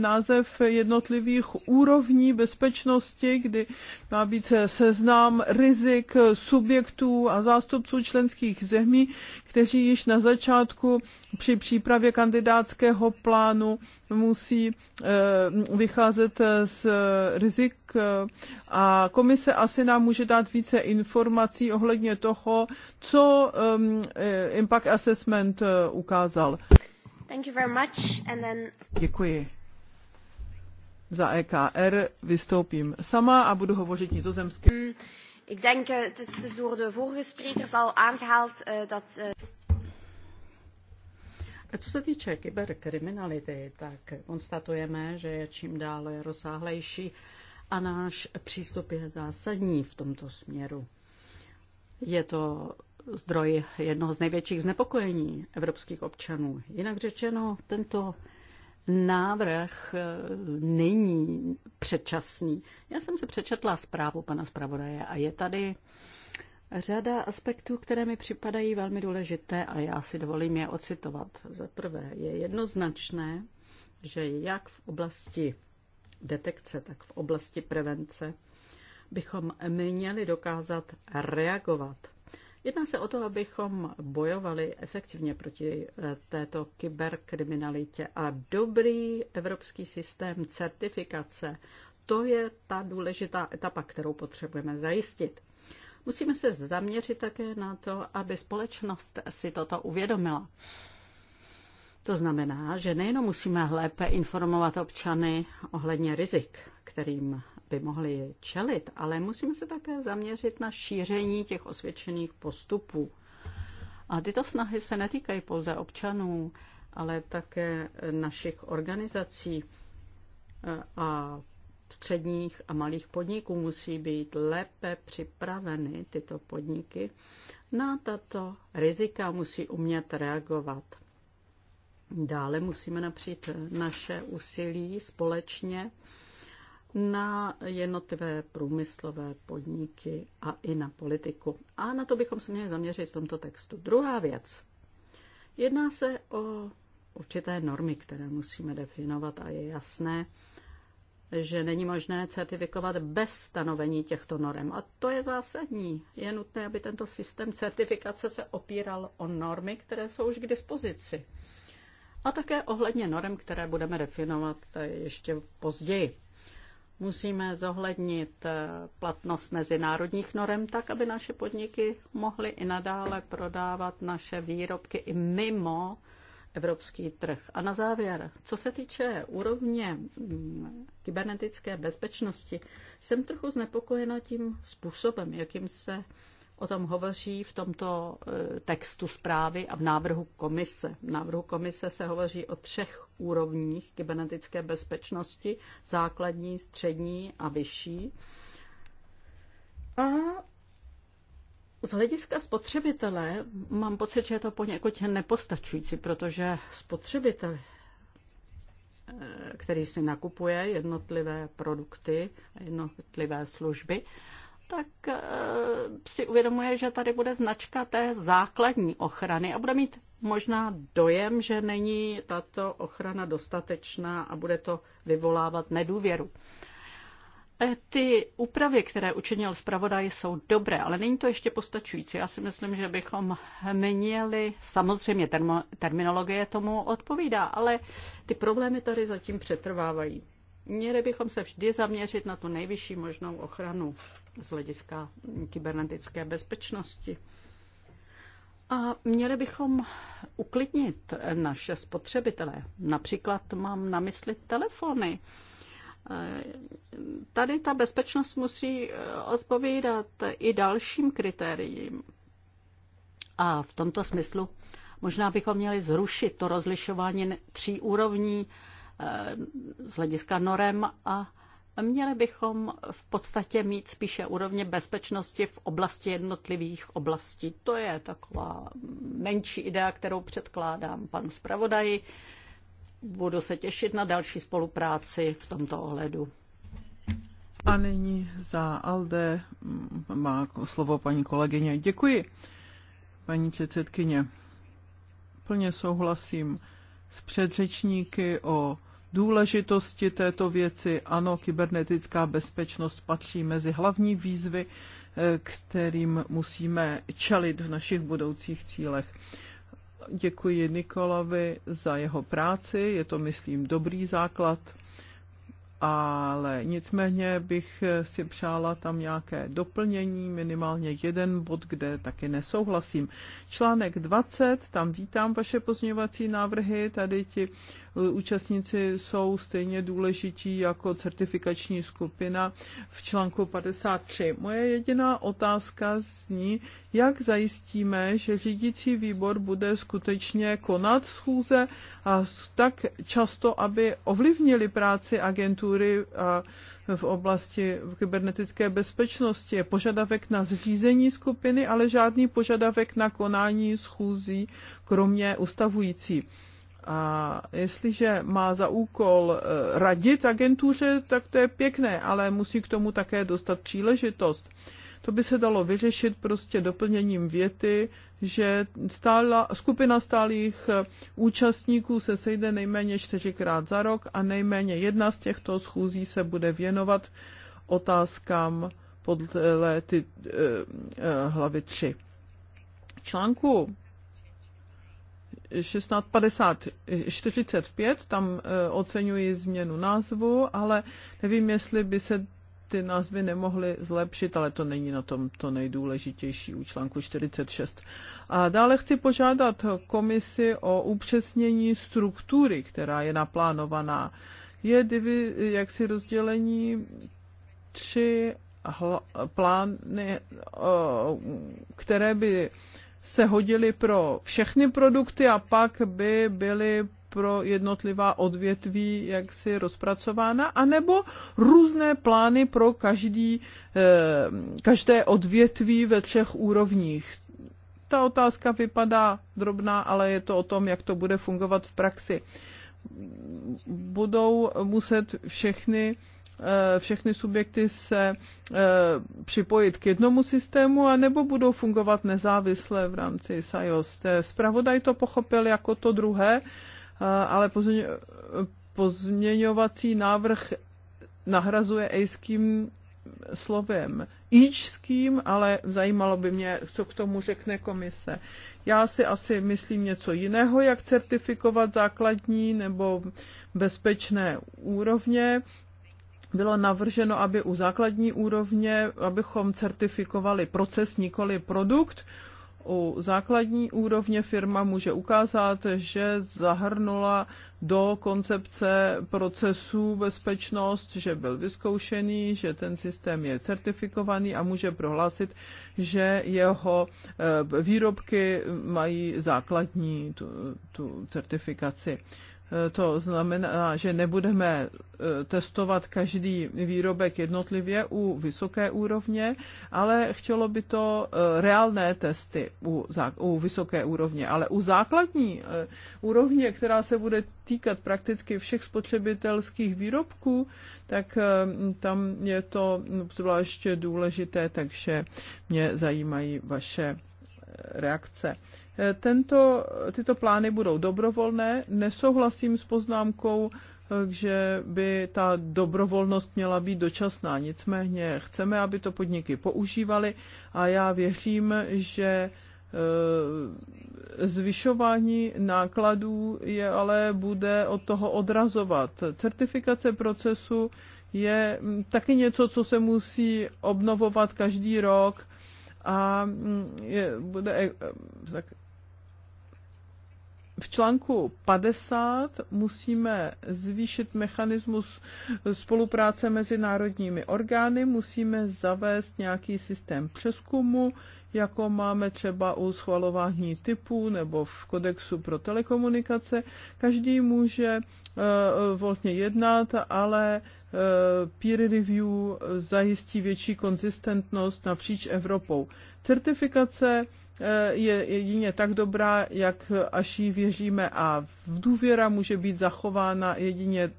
název jednotlivých úrovní bezpečnosti, kdy má být seznám rizik eh, subjektů a zástupců členských zemí, kteří již na začátku při přípravě kandidátského plánu musí eh, vycházet eh, z rizik eh, a komise asi nám může dát více informací ohledně toho, co Impact Assessment ukázal. Thank you very much. And then... Děkuji. Za EKR vystoupím sama a budu hovořit nizozemsky. Mm. Ik denk, eh, het is, het is door de vorige sprekers al aangehaald uh, dat. Uh... Co se týče kyberkriminality, tak konstatujeme, že je čím dále rozsáhlejší a náš přístup je zásadní v tomto směru. Je to zdroj jednoho z největších znepokojení evropských občanů. Jinak řečeno, tento návrh eh, není předčasný. Já jsem se přečetla zprávu pana zpravodaje a je tady řada aspektů, které mi připadají velmi důležité a já si dovolím je ocitovat. Za prvé je jednoznačné, že jak v oblasti detekce, tak v oblasti prevence bychom měli dokázat reagovat Jedná se o to, abychom bojovali efektivně proti eh, této kyberkriminalitě a dobrý evropský systém certifikace, to je ta důležitá etapa, kterou potřebujeme zajistit. Musíme se zaměřit také na to, aby společnost si toto uvědomila. To znamená, že nejenom musíme lépe informovat občany ohledně rizik, kterým by mohli čelit, ale musíme se také zaměřit na šíření těch osvědčených postupů. A tyto snahy se netýkají pouze občanů, ale také našich organizací a středních a malých podniků musí být lépe připraveny tyto podniky na tato rizika, musí umět reagovat. Dále musíme napřít naše úsilí společně na jednotlivé průmyslové podniky a i na politiku. A na to bychom se měli zaměřit v tomto textu. Druhá věc. Jedná se o určité normy, které musíme definovat a je jasné, že není možné certifikovat bez stanovení těchto norm. A to je zásadní. Je nutné, aby tento systém certifikace se opíral o normy, které jsou už k dispozici. A také ohledně norm, které budeme definovat ještě později. Musíme zohlednit eh, platnost mezinárodních norem tak, aby naše podniky mohly i nadále prodávat naše výrobky i mimo evropský trh. A na závěr, co se týče úrovně mm, kybernetické bezpečnosti, jsem trochu znepokojena tím způsobem, jakým se o tom hovoří v tomto e, textu zprávy a v návrhu komise. V návrhu komise se hovoří o třech úrovních kybernetické bezpečnosti, základní, střední a vyšší. A z hlediska spotřebitele mám pocit, že je to poněkud nepostačující, protože spotřebitel, e, který si nakupuje jednotlivé produkty a jednotlivé služby, tak eh, si uvědomuje, že tady bude značka té základní ochrany a bude mít možná dojem, že není tato ochrana dostatečná a bude to vyvolávat nedůvěru. Eh, ty úpravy, které učinil zpravodaj, jsou dobré, ale není to ještě postačující. Já si myslím, že bychom měli, samozřejmě termo, terminologie tomu odpovídá, ale ty problémy tady zatím přetrvávají. Měli bychom se vždy zaměřit na tu nejvyšší možnou ochranu z hlediska kybernetické bezpečnosti. A měli bychom uklidnit naše spotřebitele. Například mám na mysli telefony. Tady ta bezpečnost musí odpovídat i dalším kritériím. A v tomto smyslu možná bychom měli zrušit to rozlišování tří úrovní eh, z hlediska norem a Měli bychom v podstatě mít spíše úrovně bezpečnosti v oblasti jednotlivých oblastí. To je taková menší idea, kterou předkládám panu zpravodaji. Budu se těšit na další spolupráci v tomto ohledu. A nyní za Alde má slovo paní kolegyně. Děkuji, paní předsedkyně. Plně souhlasím s předřečníky o důležitosti této věci. Ano, kybernetická bezpečnost patří mezi hlavní výzvy, eh, kterým musíme čelit v našich budoucích cílech. Děkuji Nikolovi za jeho práci, je to, myslím, dobrý základ, ale nicméně bych eh, si přála tam nějaké doplnění, minimálně jeden bod, kde taky nesouhlasím. Článek 20, tam vítám vaše pozměňovací návrhy, tady ti účastníci jsou stejně důležití jako certifikační skupina v článku 53. Moje jediná otázka zní, jak zajistíme, že řídící výbor bude skutečně konat schůze a tak často, aby ovlivnili práci agentury a v oblasti kybernetické bezpečnosti. Je požadavek na zřízení skupiny, ale žádný požadavek na konání schůzí, kromě ustavující. A jestliže má za úkol eh, radit agentuře, tak to je pěkné, ale musí k tomu také dostat příležitost. To by se dalo vyřešit prostě doplněním věty, že stála, skupina stálých eh, účastníků se sejde nejméně čtyřikrát za rok a nejméně jedna z těchto schůzí se bude věnovat otázkám podle ty, uh, uh, hlavy 3. Článku 1645, tam eh, oceňuji změnu názvu, ale nevím, jestli by se ty názvy nemohly zlepšit, ale to není na tom to nejdůležitější u článku 46. A dále chci požádat komisi o upřesnění struktury, která je naplánovaná. Je divi, jaksi rozdělení tři hla, plány, které by se hodily pro všechny produkty a pak by byly pro jednotlivá odvětví jaksi rozpracována, anebo různé plány pro každý, eh, každé odvětví ve třech úrovních. Ta otázka vypadá drobná, ale je to o tom, jak to bude fungovat v praxi. Budou muset všechny Eh, všechny subjekty se eh, připojit k jednomu systému, anebo budou fungovat nezávisle v rámci SIOS. Spravodaj to pochopil jako to druhé, eh, ale pozměňovací návrh nahrazuje ejským slovem Ičským, ale zajímalo by mě, co k tomu řekne komise. Já si asi myslím něco jiného, jak certifikovat základní nebo bezpečné úrovně bylo navrženo, aby u základní úrovně, abychom certifikovali proces, nikoli produkt. U základní úrovně firma může ukázat, že zahrnula do koncepce procesů bezpečnost, že byl vyzkoušený, že ten systém je certifikovaný a může prohlásit, že jeho eh, výrobky mají základní tu, tu certifikaci. To znamená, že nebudeme e, testovat každý výrobek jednotlivě u vysoké úrovně, ale chtělo by to e, reálné testy u, u vysoké úrovně. Ale u základní e, úrovně, která se bude týkat prakticky všech spotřebitelských výrobků, tak tam je to zvláště důležité, takže mě zajímají vaše reakce. Eh, tento, tyto plány budou dobrovolné. Nesouhlasím s poznámkou, eh, že by ta dobrovolnost měla být dočasná. Nicméně chceme, aby to podniky používaly a já věřím, že eh, zvyšování nákladů je ale bude od toho odrazovat. Certifikace procesu je mm, taky něco, co se musí obnovovat každý rok a mm, je, bude eh, tak v článku 50 musíme zvýšit mechanismus spolupráce mezi národními orgány, musíme zavést nějaký systém přeskumu, jako máme třeba u schvalování typů nebo v kodexu pro telekomunikace. Každý může eh, volně jednat, ale Eh, peer review zajistí větší konzistentnost napříč Evropou. Certifikace eh, je jedině tak dobrá, jak až ji věříme a v důvěra může být zachována jedině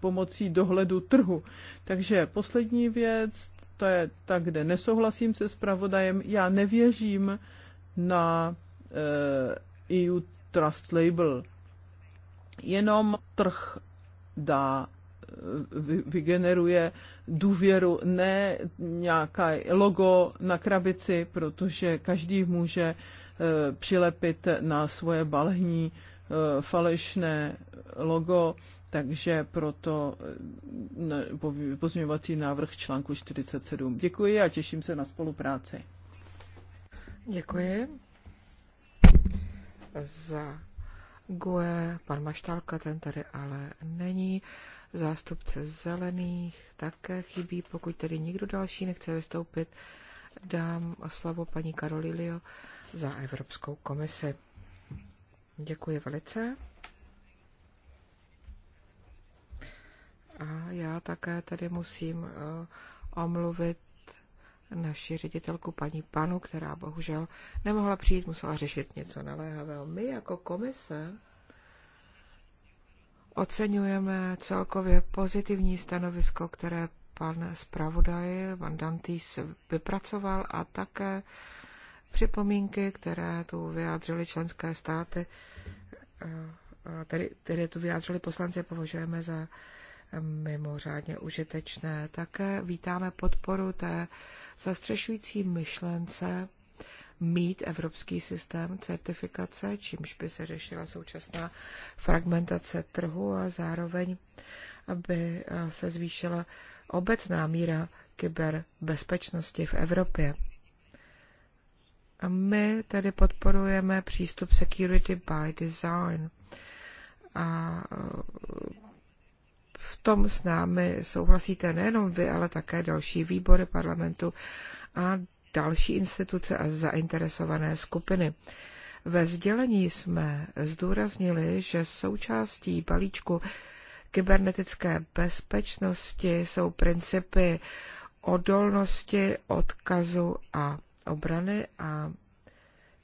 pomocí dohledu trhu. Takže poslední věc, to je ta, kde nesouhlasím se zpravodajem. Já nevěřím na EU eh, e Trust Label. Jenom trh dá vygeneruje důvěru, ne nějaké logo na krabici, protože každý může eh, přilepit na svoje balení eh, falešné logo, takže proto eh, pozměňovací návrh článku 47. Děkuji a těším se na spolupráci. Děkuji za GUE, pan Maštálka, ten tady ale není zástupce zelených také chybí. Pokud tedy nikdo další nechce vystoupit, dám slovo paní Karolilio za Evropskou komisi. Děkuji velice. A já také tady musím eh, omluvit naši ředitelku paní Panu, která bohužel nemohla přijít, musela řešit něco naléhavého. My jako komise Oceňujeme celkově pozitivní stanovisko, které pan zpravodaj, Van Dantis, vypracoval a také připomínky, které tu vyjádřili členské státy, tedy, tedy tu vyjádřili poslanci, považujeme za mimořádně užitečné. Také vítáme podporu té zastřešující myšlence mít evropský systém certifikace, čímž by se řešila současná fragmentace trhu a zároveň aby eh, se zvýšila obecná míra kyberbezpečnosti v Evropě. A my tedy podporujeme přístup Security by Design. A eh, v tom s námi souhlasíte nejenom vy, ale také další výbory parlamentu a další instituce a zainteresované skupiny. Ve sdělení jsme zdůraznili, že součástí balíčku kybernetické bezpečnosti jsou principy odolnosti, odkazu a obrany a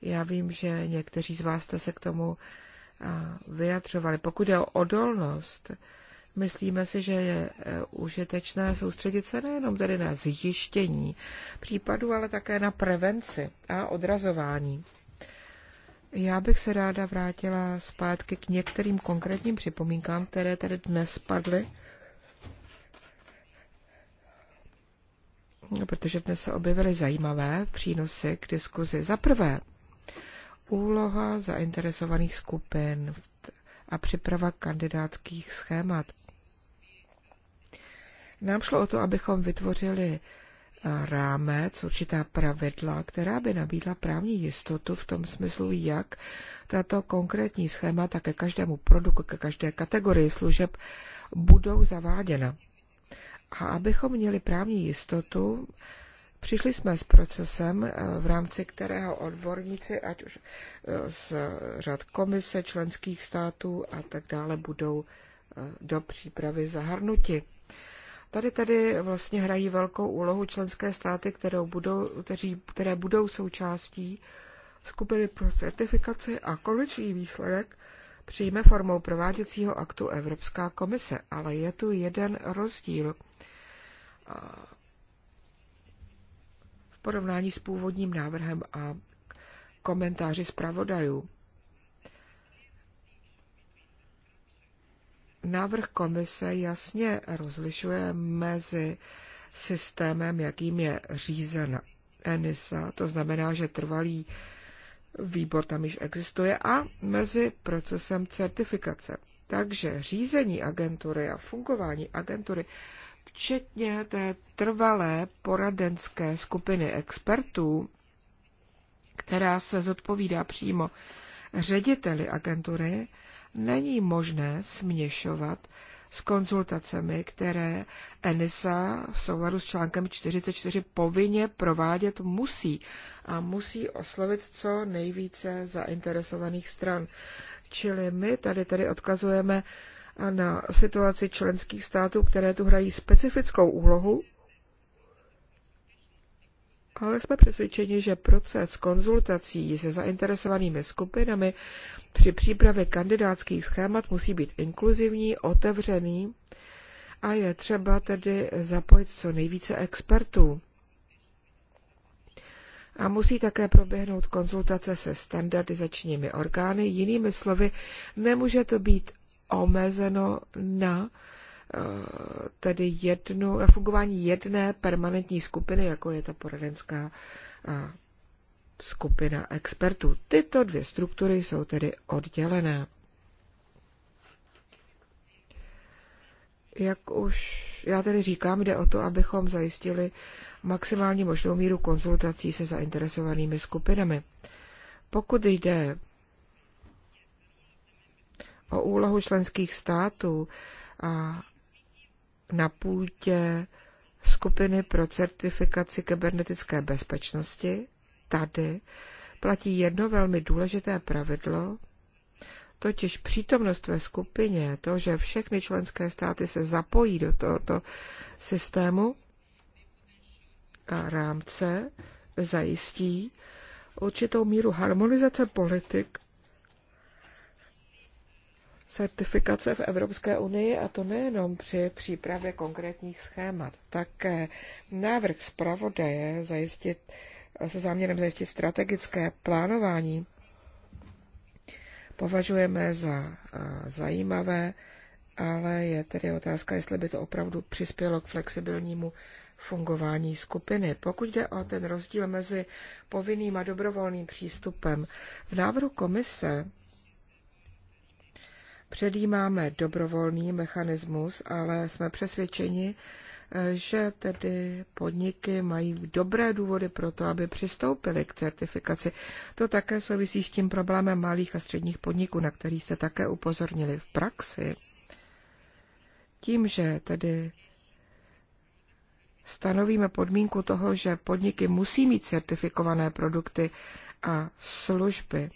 já vím, že někteří z vás jste se k tomu vyjadřovali. Pokud je o odolnost, Myslíme si, že je eh, užitečné soustředit se nejenom tedy na zjištění případů, ale také na prevenci a odrazování. Já bych se ráda vrátila zpátky k některým konkrétním připomínkám, které tady dnes padly. protože dnes se objevily zajímavé přínosy k diskuzi. Za prvé, úloha zainteresovaných skupin a připrava kandidátských schémat. Nám šlo o to, abychom vytvořili eh, rámec, určitá pravidla, která by nabídla právní jistotu v tom smyslu, jak tato konkrétní schéma, tak ke každému produktu, ke každé kategorii služeb budou zaváděna. A abychom měli právní jistotu, přišli jsme s procesem, eh, v rámci kterého odborníci, ať už eh, z řad komise, členských států a tak dále, budou do přípravy zahrnuti. Tady tady vlastně hrají velkou úlohu členské státy, kterou budou, kteří, které budou součástí skupiny pro certifikaci a konečný výsledek přijme formou prováděcího aktu Evropská komise. Ale je tu jeden rozdíl v porovnání s původním návrhem a komentáři zpravodajů. Návrh komise jasně rozlišuje mezi systémem, jakým je řízena ENISA, to znamená, že trvalý výbor tam již existuje, a mezi procesem certifikace. Takže řízení agentury a fungování agentury, včetně té trvalé poradenské skupiny expertů, která se zodpovídá přímo řediteli agentury, není možné směšovat s konzultacemi, které ENISA v souladu s článkem 44 povinně provádět musí a musí oslovit co nejvíce zainteresovaných stran. Čili my tady tady odkazujeme na situaci členských států, které tu hrají specifickou úlohu, ale jsme přesvědčeni, že proces konzultací se zainteresovanými skupinami při přípravě kandidátských schémat musí být inkluzivní, otevřený a je třeba tedy zapojit co nejvíce expertů. A musí také proběhnout konzultace se standardizačními orgány. Jinými slovy, nemůže to být omezeno na eh, tedy jednu, na fungování jedné permanentní skupiny, jako je ta poradenská skupina expertů. Tyto dvě struktury jsou tedy oddělené. Jak už já tedy říkám, jde o to, abychom zajistili maximální možnou míru konzultací se zainteresovanými skupinami. Pokud jde o úlohu členských států a na půdě skupiny pro certifikaci kybernetické bezpečnosti, tady platí jedno velmi důležité pravidlo, totiž přítomnost ve skupině, to, že všechny členské státy se zapojí do tohoto systému a rámce, zajistí určitou míru harmonizace politik, certifikace v Evropské unii, a to nejenom při přípravě konkrétních schémat. Také návrh zpravodaje zajistit se záměrem zajistit strategické plánování považujeme za zajímavé, ale je tedy otázka, jestli by to opravdu přispělo k flexibilnímu fungování skupiny. Pokud jde o ten rozdíl mezi povinným a dobrovolným přístupem, v návrhu komise předjímáme dobrovolný mechanismus, ale jsme přesvědčeni, že tedy podniky mají dobré důvody pro to, aby přistoupili k certifikaci. To také souvisí s tím problémem malých a středních podniků, na který se také upozornili v praxi. Tím, že tedy stanovíme podmínku toho, že podniky musí mít certifikované produkty a služby,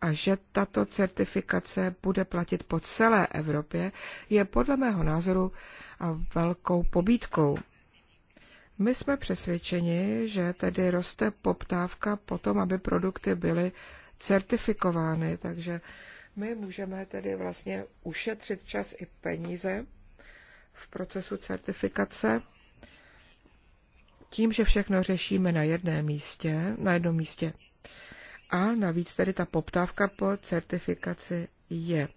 a že tato certifikace bude platit po celé Evropě, je podle mého názoru velkou pobídkou. My jsme přesvědčeni, že tedy roste poptávka po tom, aby produkty byly certifikovány, takže my můžeme tedy vlastně ušetřit čas i peníze v procesu certifikace tím, že všechno řešíme na jedné místě, na jednom místě a navíc tady ta poptávka po certifikaci je.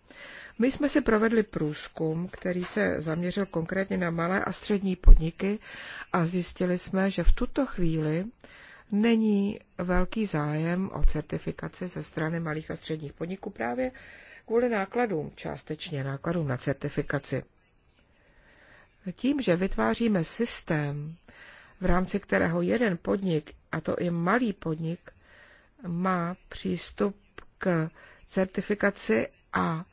My jsme si provedli průzkum, který se zaměřil konkrétně na malé a střední podniky a zjistili jsme, že v tuto chvíli není velký zájem o certifikaci ze strany malých a středních podniků právě kvůli nákladům, částečně nákladům na certifikaci. Tím, že vytváříme systém, v rámci kterého jeden podnik, a to i malý podnik, má přístup k certifikaci a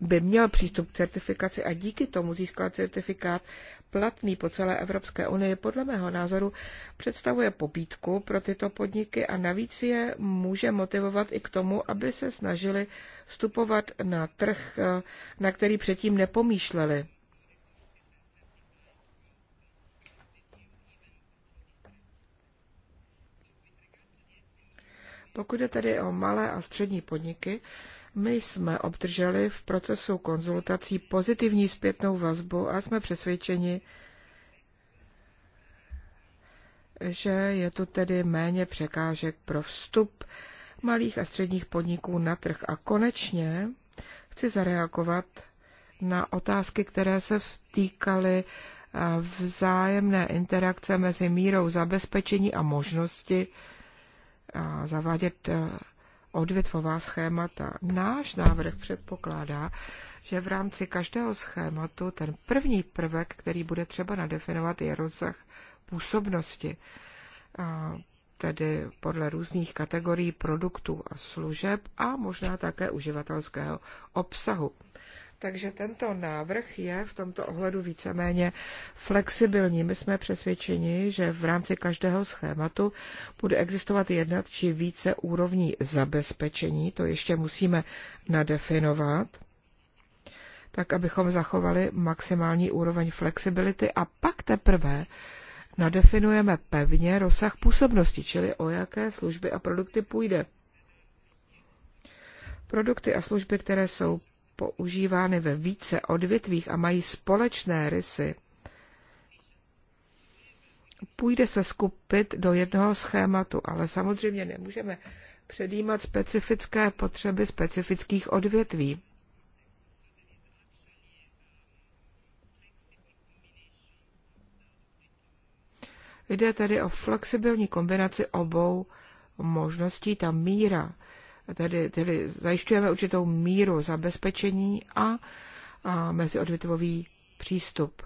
by měl přístup k certifikaci a díky tomu získal certifikát platný po celé Evropské unii, podle mého názoru představuje pobídku pro tyto podniky a navíc je může motivovat i k tomu, aby se snažili vstupovat na trh, eh, na který předtím nepomýšleli. Pokud je tedy o malé a střední podniky, my jsme obdrželi v procesu konzultací pozitivní zpětnou vazbu a jsme přesvědčeni, že je tu tedy méně překážek pro vstup malých a středních podniků na trh. A konečně chci zareagovat na otázky, které se týkaly eh, vzájemné interakce mezi mírou zabezpečení a možnosti zavádět e, odvětvová schémata. Náš návrh předpokládá, že v rámci každého schématu ten první prvek, který bude třeba nadefinovat, je rozsah působnosti. A tedy podle různých kategorií produktů a služeb a možná také uživatelského obsahu. Takže tento návrh je v tomto ohledu víceméně flexibilní. My jsme přesvědčeni, že v rámci každého schématu bude existovat jedna či více úrovní zabezpečení. To ještě musíme nadefinovat tak abychom zachovali maximální úroveň flexibility a pak teprve nadefinujeme pevně rozsah působnosti, čili o jaké služby a produkty půjde. Produkty a služby, které jsou používány ve více odvětvích a mají společné rysy, půjde se skupit do jednoho schématu, ale samozřejmě nemůžeme předjímat specifické potřeby specifických odvětví. Jde tedy o flexibilní kombinaci obou možností, ta míra tedy, tedy zajišťujeme určitou míru zabezpečení a, a meziodvětvový přístup.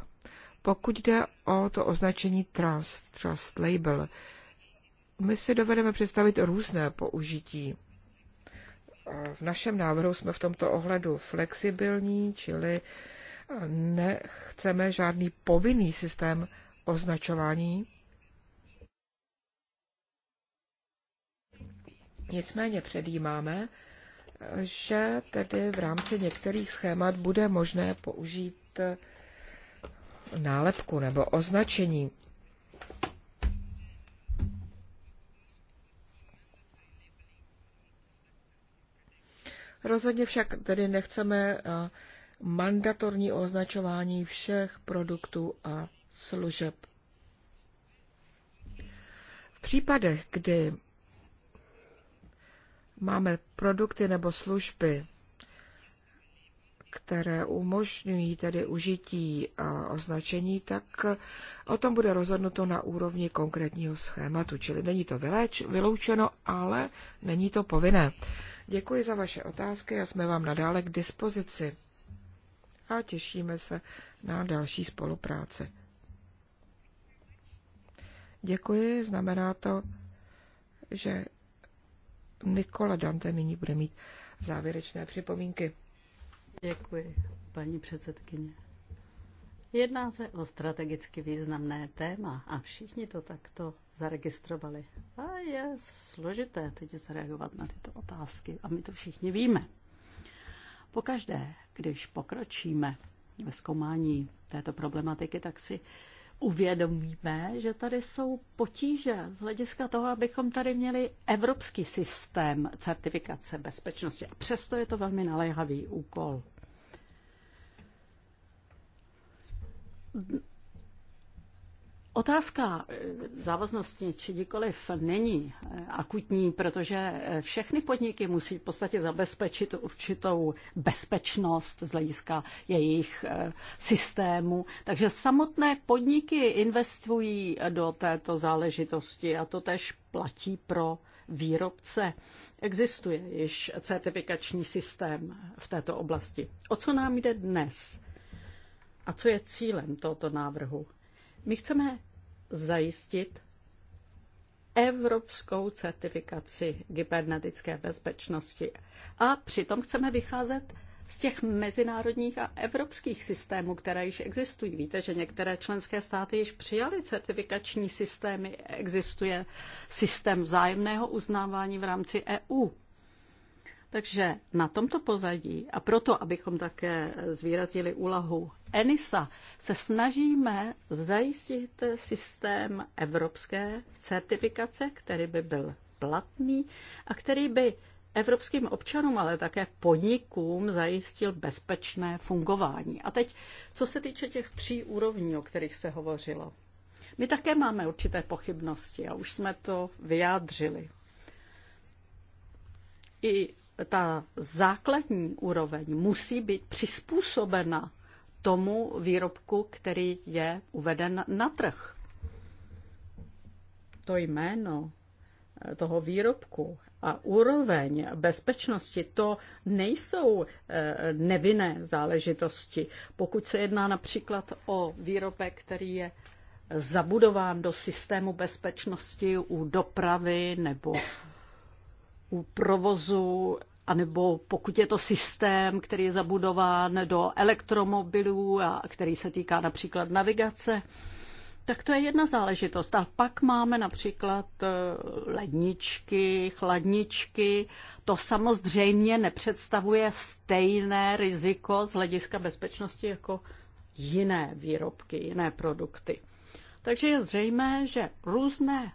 Pokud jde o to označení trust, trust label, my si dovedeme představit různé použití. V našem návrhu jsme v tomto ohledu flexibilní, čili nechceme žádný povinný systém označování Nicméně předjímáme, že tedy v rámci některých schémat bude možné použít eh, nálepku nebo označení. Rozhodně však tedy nechceme eh, mandatorní označování všech produktů a služeb. V případech, kdy máme produkty nebo služby, které umožňují tedy užití označení, tak o tom bude rozhodnuto na úrovni konkrétního schématu. Čili není to vyléč, vyloučeno, ale není to povinné. Děkuji za vaše otázky a jsme vám nadále k dispozici. A těšíme se na další spolupráci. Děkuji, znamená to, že Nikola Dante nyní bude mít závěrečné připomínky. Děkuji, paní předsedkyně. Jedná se o strategicky významné téma a všichni to takto zaregistrovali. A je složité teď zareagovat na tyto otázky a my to všichni víme. Pokaždé, když pokročíme ve zkoumání této problematiky, tak si uvědomíme, že tady jsou potíže z hlediska toho, abychom tady měli evropský systém certifikace bezpečnosti. A přesto je to velmi naléhavý úkol. Otázka eh, závaznosti či nikoliv není eh, akutní, protože eh, všechny podniky musí v podstatě zabezpečit určitou bezpečnost z hlediska jejich systému. Takže samotné podniky investují do této záležitosti a to tež platí pro výrobce. Existuje již certifikační systém v této oblasti. O co nám jde dnes? A co je cílem tohoto návrhu? My chceme zajistit evropskou certifikaci kybernetické bezpečnosti. A přitom chceme vycházet z těch mezinárodních a evropských systémů, které již existují. Víte, že některé členské státy již přijaly certifikační systémy, existuje systém vzájemného uznávání v rámci EU. Takže na tomto pozadí a proto, abychom také zvýraznili úlahu ENISA, se snažíme zajistit systém evropské certifikace, který by byl platný a který by evropským občanům, ale také podnikům zajistil bezpečné fungování. A teď, co se týče těch tří úrovní, o kterých se hovořilo. My také máme určité pochybnosti a už jsme to vyjádřili. I ta základní úroveň musí být přizpůsobena tomu výrobku, který je uveden na trh. To jméno eh, toho výrobku a úroveň bezpečnosti, to nejsou eh, nevinné záležitosti. Pokud se jedná například o výrobek, který je zabudován do systému bezpečnosti u dopravy nebo u provozu anebo pokud je to systém, který je zabudován do elektromobilů a který se týká například navigace, tak to je jedna záležitost. A pak máme například eh, ledničky, chladničky. To samozřejmě nepředstavuje stejné riziko z hlediska bezpečnosti jako jiné výrobky, jiné produkty. Takže je zřejmé, že různé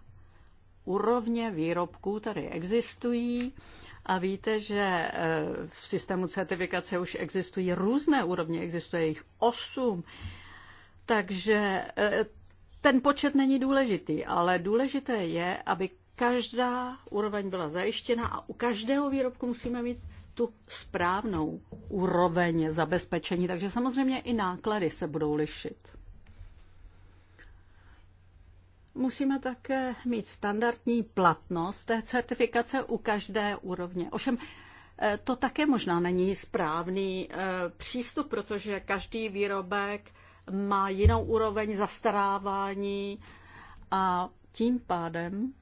úrovně výrobků tady existují a víte, že e, v systému certifikace už existují různé úrovně, existuje jich osm, takže e, ten počet není důležitý, ale důležité je, aby každá úroveň byla zajištěna a u každého výrobku musíme mít tu správnou úroveň zabezpečení, takže samozřejmě i náklady se budou lišit. Musíme také mít standardní platnost té certifikace u každé úrovně. Ošem eh, to také možná není správný eh, přístup, protože každý výrobek má jinou úroveň zastarávání a tím pádem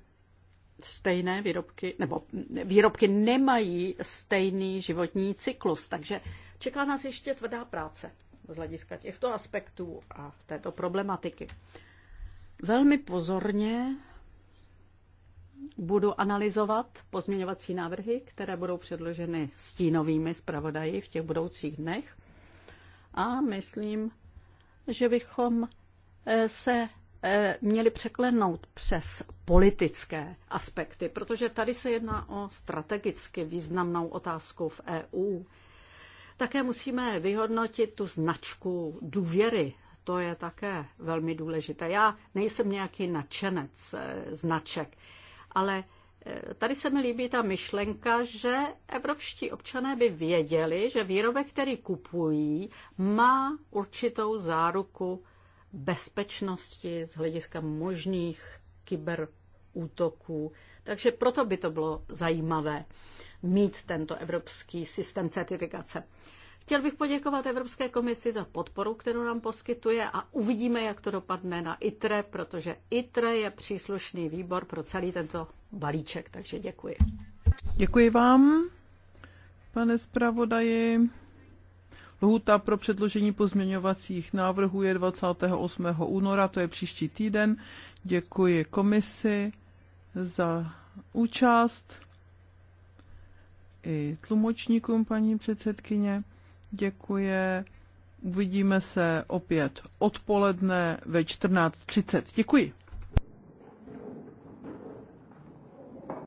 stejné výrobky, nebo výrobky nemají stejný životní cyklus, takže čeká nás ještě tvrdá práce z hlediska těchto aspektů a této problematiky. Velmi pozorně budu analyzovat pozměňovací návrhy, které budou předloženy stínovými zpravodaji v těch budoucích dnech. A myslím, že bychom eh, se eh, měli překlenout přes politické aspekty, protože tady se jedná o strategicky významnou otázku v EU. Také musíme vyhodnotit tu značku důvěry to je také velmi důležité. Já nejsem nějaký nadšenec eh, značek, ale eh, tady se mi líbí ta myšlenka, že evropští občané by věděli, že výrobek, který kupují, má určitou záruku bezpečnosti z hlediska možných kyberútoků. Takže proto by to bylo zajímavé mít tento evropský systém certifikace. Chtěl bych poděkovat Evropské komisi za podporu, kterou nám poskytuje a uvidíme, jak to dopadne na ITRE, protože ITRE je příslušný výbor pro celý tento balíček, takže děkuji. Děkuji vám, pane zpravodaji. Lhuta pro předložení pozměňovacích návrhů je 28. února, to je příští týden. Děkuji komisi za účast i tlumočníkům paní předsedkyně děkuje. Uvidíme se opět odpoledne ve 14.30. Děkuji.